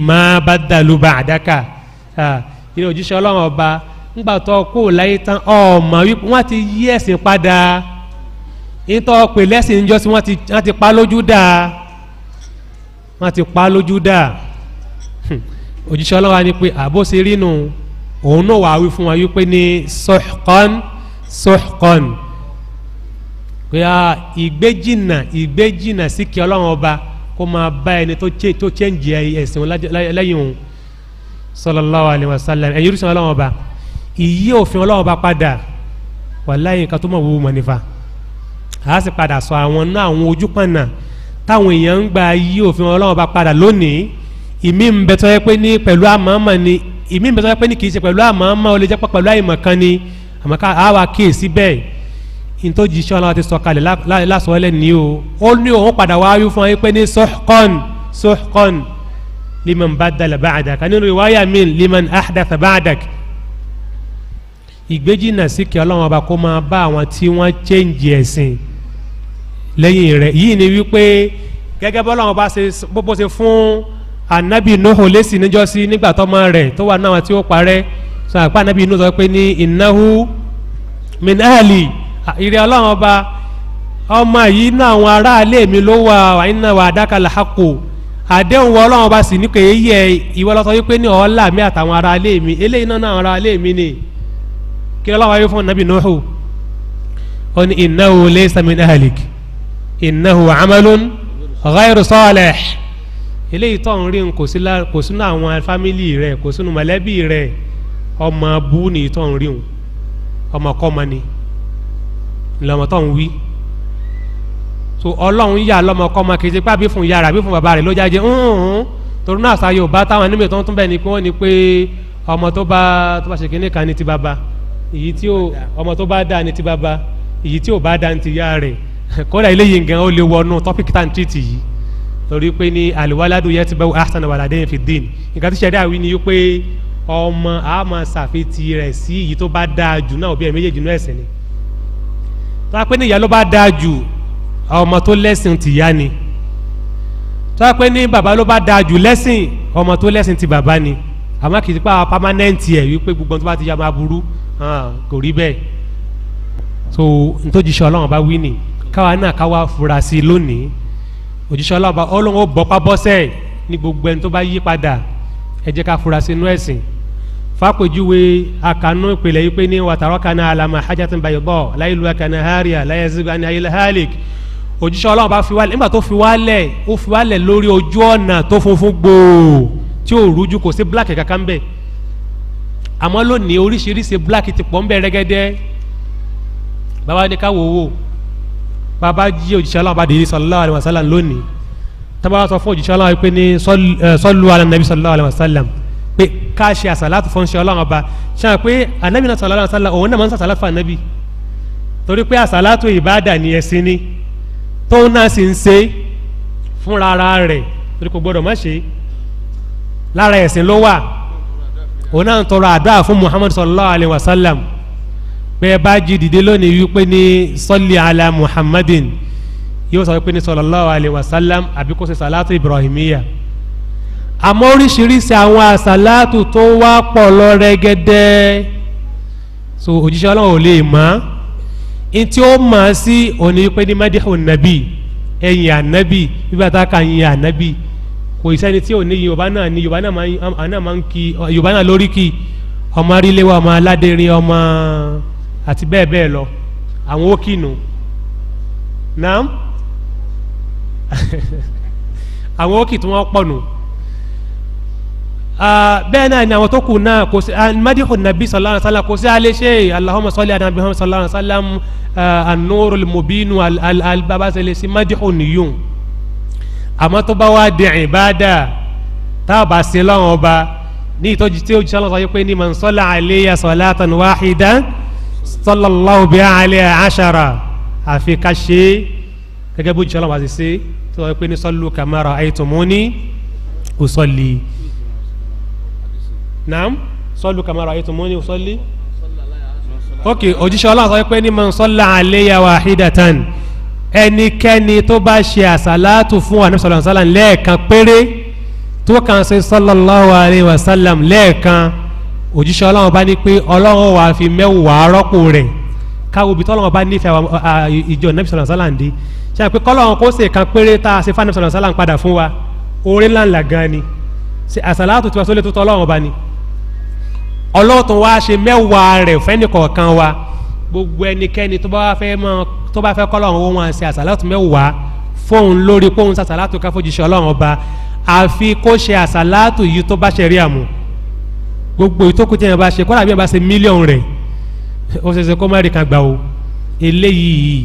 máa bá dàlú bá àdákà ah, ìrìn òjíṣẹ́ ọlọ́run ọba ńgbàtọ́ kó láyé tán ọmọ wípé wọ́n ti yí ẹ̀sìn padà ìtọ́ pè lẹ́sìn níjọ́ sí wọ́n ti pa lójú dà wọ́n ti pa lójú dà hmm. òjíṣẹ́ ọlọ́wà ni pé àbó ṣe rí nu òun náà wàá wí fún wa wípé ní sọ́ọ̀kan sọ́ọ̀kan pé ìgbéjìnà ìgbéjìnà sí kí ọlọ́run ọba kó máa bá ẹni tó chẹ́ǹjì ẹ̀sìn lẹ́yìn òun sọlọ́láwà ni wàsálẹ̀ ẹ̀yìn irúṣẹ́ ọlọ́run ọba ìyí òfin ọlọ́run bá padà wàláyé nǹkan tó mọ̀ wúwo mọ̀ nífa a sì padà sọ àwọn náà àwọn ojú pọ̀nà táwọn èèyàn ń gba ìyí òfin ọlọ́run bá padà lónìí ìmí ń bẹ tọ́ yẹ pé ní pẹ̀lú àmọ́mọ́ ni ìmí ń bẹ tọ́ yẹ pé ní kì í ṣe pẹ̀lú àmọ́mọ́ ó lè jẹ́ pẹ̀lú àìmọ̀ kan ni àmọ́ ká àwa kíyèsí bẹ́ẹ̀ ntòjì iṣẹ́ ọlọ́run ti sọ kalẹ̀ lásọ̀ọ́lẹ̀ ní o ó ní òun padà wáyú fún ẹ pé ní sọ́kọ́n sọ́kọ́n liman badala ba'dak nínú ìwáyà mi liman ahdasa ba'dak ìgbéjìnà sí kí ọlọ́run ọba kó máa bá àwọn tí wọ́n chẹ́ǹjì ẹ̀sìn lẹ́yìn rẹ̀ yìí ni wípé gẹ́gẹ́ bọ́ ọlọ́run ọba ṣe bó ṣe fún anabi nuhu lẹ́sìn níjọ́sí nígbà tọ́mọ rẹ̀ tó wà náà tí ó parẹ́ sọ àpá anabi nuhu sọ pé ní ìnáhu minali ìrẹ́ ọlọ́run ọba ọmọ yìí náà àwọn aráalé mi ló wà àyínà wà dákàlà hako àdéhùn wọ ọlọ́run ọba sì ní kò yẹ ìwọ lọ́sọ wípé ní ọ̀ọ́là mi àtàwọn aráalé mi eléyìí náà náà aráalé mi ni kí lọ́wọ́ ayé fún nabi nuhu ó ní innahu laysa min ahlik innahu amalun ghayru salih eléyìí tó ń rí n kò sínú àwọn fámìlì rẹ kò sínú mọ̀lẹ́bí rẹ ọmọ bú ni tó ń rí n ọmọ kọ́mọ ni lọ́mọ tó ń wí so ọlọ́run yà lọ́mọ kọ́mọ kejì pé àbí fún yàrá àbí fún bàbá rẹ ló jáde torí náà àṣà yorùbá táwọn ẹni tó ń tún bẹ́ẹ̀ ni pé wọ́n ní pé ọmọ tó bá tó bá ṣe kínní kan ní ti bàbá èyí tí ó ọmọ tó bá dáa ni ti bàbá èyí tí ò bá dáa ni ti yá rẹ̀ kódà eléyìí gan ó lè wọnú tọ́pìkì tá à ń tìtì yìí torí pé ní àlùwaládùn yẹn ti bá ahsan wàládẹ́yìn fi dín nǹkan tí sẹ́dá wí ni yí pé ọmọ a máa ṣàfitì rẹ̀ sí èyí tó bá dáa jù náà òbí ẹ̀ méjèèjì náà ẹ̀sìn ni tó a pé ní ìyá ló bá dáa jù ọmọ tó lẹ́sìn ti yá ni tó a pé ní bàbá ló bá dáa jù lẹ́sìn ọmọ tó lẹ́sìn ti bàbá ni àmọ́ kì í pa permanent ẹ̀ wípé gbogbo tó bá ti yá máa burú kò rí bẹ́ẹ̀ so ntòjíṣẹ́ ọlọ́run bá wí nì káwa náà káwa fura sí lónìí òjíṣẹ́ ọlọ́run bá ọlọ́run ó bọ́pá bọ́sẹ̀ ní gbogbo ẹni tó bá yí padà ẹ jẹ́ ká fura sí inú ẹ̀sìn fàpèjúwe àkànú ìpìlẹ̀ yìí pé ní funfun gbòò tí ò rújú kò sí black àmọ́ lónìí oríṣiríṣi black ti pọ̀ ń bẹ rẹ́gẹ́dẹ́ bàbá ní ká wò wò bàbá jí òjíṣẹ́ aláwọ̀ bàdé sọlá àlẹ́ wàsálà lónìí tábà sọ fún òjíṣẹ́ aláwọ̀ pé ní sọlú àlẹ́ nàbí sọlá àlẹ́ wàsálà pé ká ṣe àsàlátù fún ṣe ọlọ́run ọba ṣe hàn pé ànábì náà sọlá àlẹ́ wàsálà òun náà máa ń sàsàlátù fún ànábì torí pé àsàlátù ìbáàdà ni ẹ̀sìn ni tóun náà sì ń ṣe fúnra rẹ̀ torí kò gbọ́dọ̀ má ṣe lára ẹ̀sìn ló wà òun náà ń tọrọ àdúrà fún muhammad sallallahu alayhi wa sallam bẹ́ẹ̀ bá jí dìde lónìí wípé ní sọ́lì ala muhammadin yóò sọ wípé ní sallallahu alayhi wa sallam àbí kó ṣe sàlátù ibrahimiya àmọ́ oríṣiríṣi àwọn àsàlátù tó wá pọ̀ lọ rẹ́gẹ́dẹ́ so òjíṣẹ́ ọlọ́run ò lè mọ́ in tí ó mọ̀ sí òní wípé ní madihu nabi ẹ̀yìn ànábì bíbá tá a kà yìn ànábì kò sẹ́ni tí ò ní yorùbá náà ní yorùbá náà máa ń kí yorùbá náà lórí kí ọmọ aríléwá ọmọ aládérin ọmọ àti bẹ́ẹ̀ bẹ́ẹ̀ lọ àwọn ó kìnnù náà àwọn ó tí wọ́n pọ̀ nù ah, bẹ́ẹ̀ náà ni àwọn tó kù náà kò sí ah, madihu nabi sallallahu alayhi wa sallam kò sí aléṣe alahuma sọlẹ anabi sallallahu alayhi wa sallam anurul ah, mubinu alibaba al al sí madihu niyun àmọ́ tó bá wá di ìbáàdà tá a bá sin lọ́wọ́n ọba ní ìtọ́jú tí òjì sálọ́ sọ yìí pé ní màá sọ́lá àléyà sọ́lá tán wáhídá sọ́lọ́láwò bí àléyà àṣàrà àfi ká ṣe é gẹ́gẹ́ bó jì sálọ́ wá sí sí tó sọ pé ní sọ́lù kàmára àìtùmúní òsọ́lì naam sọ́lù kàmára àìtùmúní òsọ́lì ok òjì sálọ́ sọ pé ní màá sọ́lá wáhídá tán ẹnikẹ́ni tó bá ṣe àsálàtù fún ànábì sallallahu alaihi wasallam lẹ́ẹ̀kan péré tó kàn ṣe sallallahu alaihi wasallam lẹ́ẹ̀kan òjíṣẹ́ ọlọ́run bá ní pé ọlọ́run wàá fi mẹ́wàá rọ́pò rẹ̀ káwọ́ ibi tọ́lọ́run bá nífẹ̀ẹ́ ìjọ ànábì sallallahu alaihi wasallam dé ṣe àpé kọ́lọ́run kó ṣe kan péré tá a ṣe fún ànábì sallallahu alaihi wasallam padà fún wa orí ńláńlá gan ni ṣe àsálàtù tiwa sólè tó tọ́ ọlọ́run bá ní ọlọ́run tó wá ṣe mẹ́wàá rẹ̀ fẹ́nìkọ̀ọ̀kan wa gbogbo ẹnikẹ́ni tó bá fẹ́ mọ tó bá fẹ́ kọ́lọ́run ó wọn ṣe àṣàlátù mẹ́wàá fóun lórí kóun ṣe àṣàlátù ká fojúṣe ọlọ́run ọba àfi kó ṣe àṣàlátù yìí tó bá ṣe rí àmú gbogbo ìtókù yẹn bá ṣe kọ́lá bí yẹn bá ṣe mílíọ̀nù rẹ̀ ó ṣe ṣe kó má rí kan gbà o eléyìí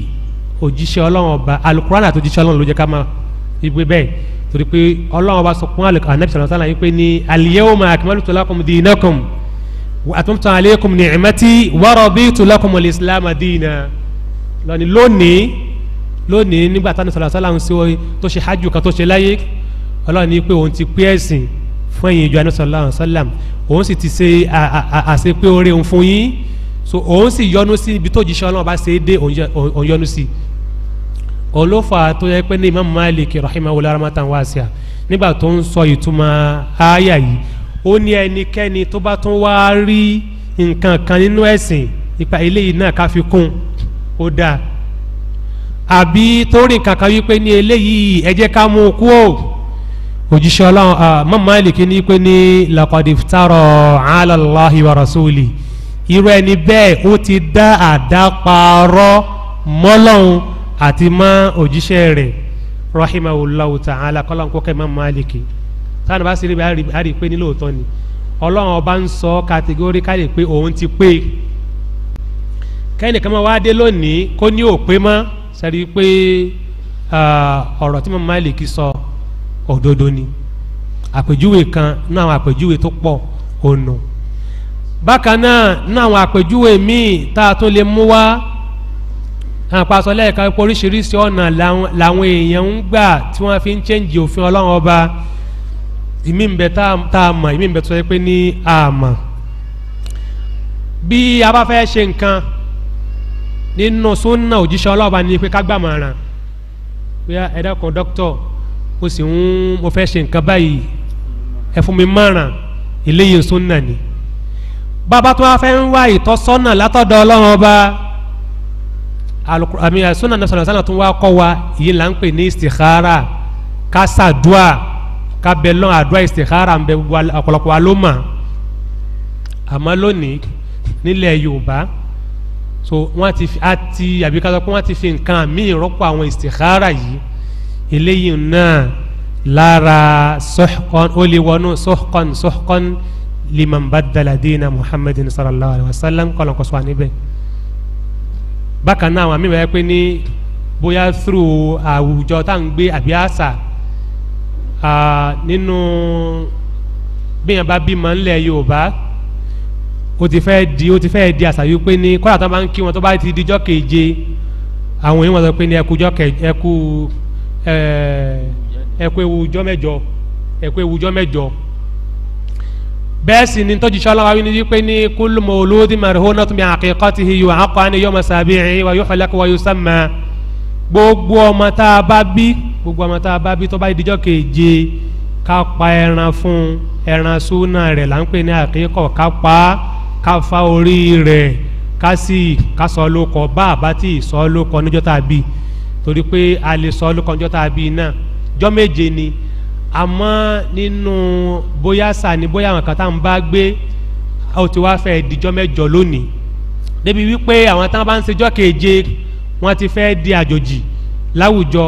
òjíṣẹ́ ọlọ́run ọba alukurana àti òjíṣẹ́ ọlọ́run ló jẹ́ ká máa ìgbé bẹ́ẹ̀ torí pé ọlọ́run ọba sọ fún alẹ́ àná atúntò aleikum ní ìmẹ́tí wọ́rọ̀ bí tulakum islam adina lọ́ni lónìí lónìí nígbà tánú sọ̀rọ̀ sọ́lá ń ṣe tó ṣe hajj kan tó ṣe láyé ọlọ́ni pé òun ti pé ẹ̀sìn fún ẹ̀yìn ìjọ anú sọ̀rọ̀ sọ́lá òun sì ti ṣe àṣepé oore òun fún yín so òun sì yọnu sí ibi tó jíṣẹ́ ọlọ́run bá ṣe é dé òun yọnu sí òun ló fà á tó yẹ pé ní imam malik rahimahullah rahmatan wasi'a nígbà tó ń sọ ìtumọ̀ ááyà yìí ó ní ẹnikẹ́ni tó bá tún wá rí nǹkan kan nínú ẹ̀sìn ipa eléyìí náà ká fi kún ó dáa àbí torí nǹkan kan wípé ní eléyìí ẹ jẹ́ ká mú un kú o òjíṣẹ́ ọlọ́run mọ́mọ́ àlèkí ní pé ní làkọ́dé tààrọ̀ alàlọ́hì wàràsóòlì irú ẹni bẹ́ẹ̀ ó ti dá àdáparọ́ mọ́lọ́run àti mọ́ òjíṣẹ́ rẹ̀ rahimahullahu ta'ala mọ́mọ́ àlèkí táwọn bá ṣeré bá rí i pé ní lóòótọ́ ni ọlọ́run ọba ń sọ kàtégóríkálì pé òun ti pé kẹ́nìkan máa wá dé lónìí kó ní òpé mọ́ sẹ́rí pé ọ̀rọ̀ tí mo máa lè kí sọ òdodo ni àpèjúwe kan ní àwọn àpèjúwe tó pọ̀ ònà bákan náà ní àwọn àpèjúwe míì tá a tún lè mú wá àpasọ lẹ́ẹ̀ka oríṣiríṣi ọ̀nà làwọn èèyàn ń gbà tí wọ́n fi ń chẹ́ǹjì òfin ọlọ́run ọba ìmí ń bẹ tá a mọ̀ ìmí ń bẹ tó yẹ pé ní a mọ̀ bí a bá fẹ́ ṣe nǹkan nínú súnà òjíṣẹ́ ọlọ́ọ̀bá ni pé ká gbàmọ̀ràn bóyá ẹ dákun dókítọ̀ mo sì ń mo fẹ́ ṣe nǹkan báyìí ẹ fún mi mọ̀ràn eléyìí súnà ni bàbá tó wá fẹ́ ń wá ìtọ́sọ́nà látọ̀dọ̀ ọlọ́run ọba àmì àìsùnà náà sọ̀rọ̀ sánà tó wá kọ́ wa ìyẹn là ń pè ní istikhara kásàdúà kábẹ́ lọ́n àdúrà ìsèkára ń bẹ ọ̀pọ̀lọpọ̀ wa ló lónìí nílẹ̀ yorùbá so wọ́n ti fi àti àbíkájọ pé wọ́n ti fi nǹkan míì rọ́pò àwọn ìsèkára yìí eléyìí náà lára sọ́kàn ó lè wọnú sọ́kàn sọ́kàn dina muhammadin sallallahu alaihi wa sallam kọ́lọ̀ kọ́sọ́ wa níbẹ̀ bákan náà àwọn àmì wáyé pé ní bóyá through àwùjọ tá à ń gbé àbí àṣà nínú bíyàn bá bímọ ńlẹ̀ yorùbá ó ti fẹ́ di ó ti fẹ́ di àṣà wípé ní kọ́lá tó máa ń kí wọn tó bá ti dijọ́ keje àwọn yìí wọn sọ pé ní ẹkú ẹkú ẹkú ewu ọjọ́ mẹ́jọ ẹkú ewu ọjọ́ mẹ́jọ bẹ́ẹ̀ sì ni tọ́jú sọ́láwá wí ni wípé ní kúlùmọ̀ olóòdì mẹ́rìnhónà tó mi àkẹ́kọ́ ti hi yòó àkọ́ àni yọmọ sàbí ẹ̀yìn wa yóò fẹ́ lẹ́kọ̀ọ́ wa yóò sàmà gbogbo ọmọ tá a bá bí gbogbo ọmọ tá a bá bí tó bá ìdíjọ́ keje ká pa ẹran fún ẹran súnà rẹ̀ là ń pè ní àkíkọ̀ ká pa ká fa orí rẹ̀ ká sì ká sọ lóko bá a bá tí ì sọ lóko níjọ́ tá a bí torí pé a lè sọ lóko níjọ́ tá a bí náà jọ́ méje ni àmọ́ nínú bóyá sà ni bóyá àwọn kan tá à ń bá gbé ó ti wá fẹ́ dijọ́ mẹ́jọ lónìí débi wípé àwọn táwọn bá ń ṣejọ́ keje wọ́n ti fẹ́ di àjòjì láwùjọ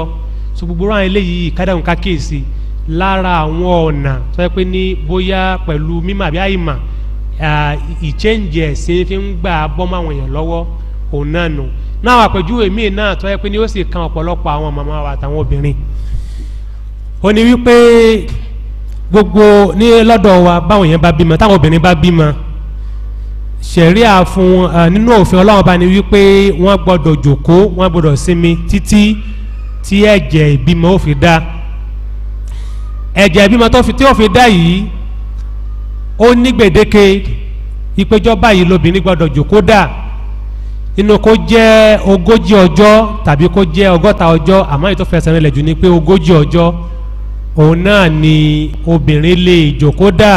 so gbogbo ra eléyìí kádàrún kákèsí lára àwọn ọ̀nà tó yẹ pé ní bóyá pẹ̀lú mímọ̀ àbí àìmọ̀ ìchẹ́ǹjì ẹ̀sìn fi ń gbà bọ́mọ àwọn èèyàn lọ́wọ́ òun náà nù náà àpèjúwe míì náà tó yẹ pé ní ó sì kan ọ̀pọ̀lọpọ̀ àwọn màmá wa àtàwọn obìnrin ó ní wípé gbogbo ní lọ́dọ̀ wa báwọn èèyàn bá bímọ táwọn obìnrin bá bímọ sẹ̀ríà fún nínú òfin ọlọ́run bá ní wípé wọ́n gbọ́dọ̀ jòkó wọ́n gbọ́dọ̀ sinmi títí tí ẹ̀jẹ̀ ìbímọ ó fi dá ẹ̀jẹ̀ ìbímọ tí ó fi dá yìí ó ní gbèdéke ìpéjọba yìí lóbìnrin gbọ́dọ̀ jòkó dà inú kó jẹ́ ogójì ọjọ́ tàbí kó jẹ́ ọgọ́ta ọjọ́ àmọ́ ètò fẹsẹ̀ rẹ̀ jù ni pé ogójì ọjọ́ òun náà ni obìnrin lè jòkó dà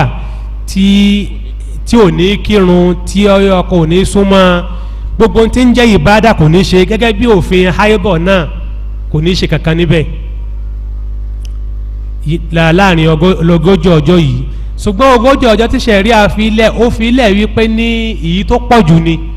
tí tí ò ní kírun tí ọkọ ò ní súnmọ́ gbogbo tí ń jẹ́ ìbádà kò ní ṣe gẹ́gẹ́ bí òfin háyébọ̀ náà kò ní í ṣe kankan níbẹ̀ láàrin ọgọ́jọ ọjọ́ yìí ṣùgbọ́n ọgọ́jọ ọjọ́ tíṣẹ̀ rí àfi ó fi wípé ní èyí tó pọ̀ ni.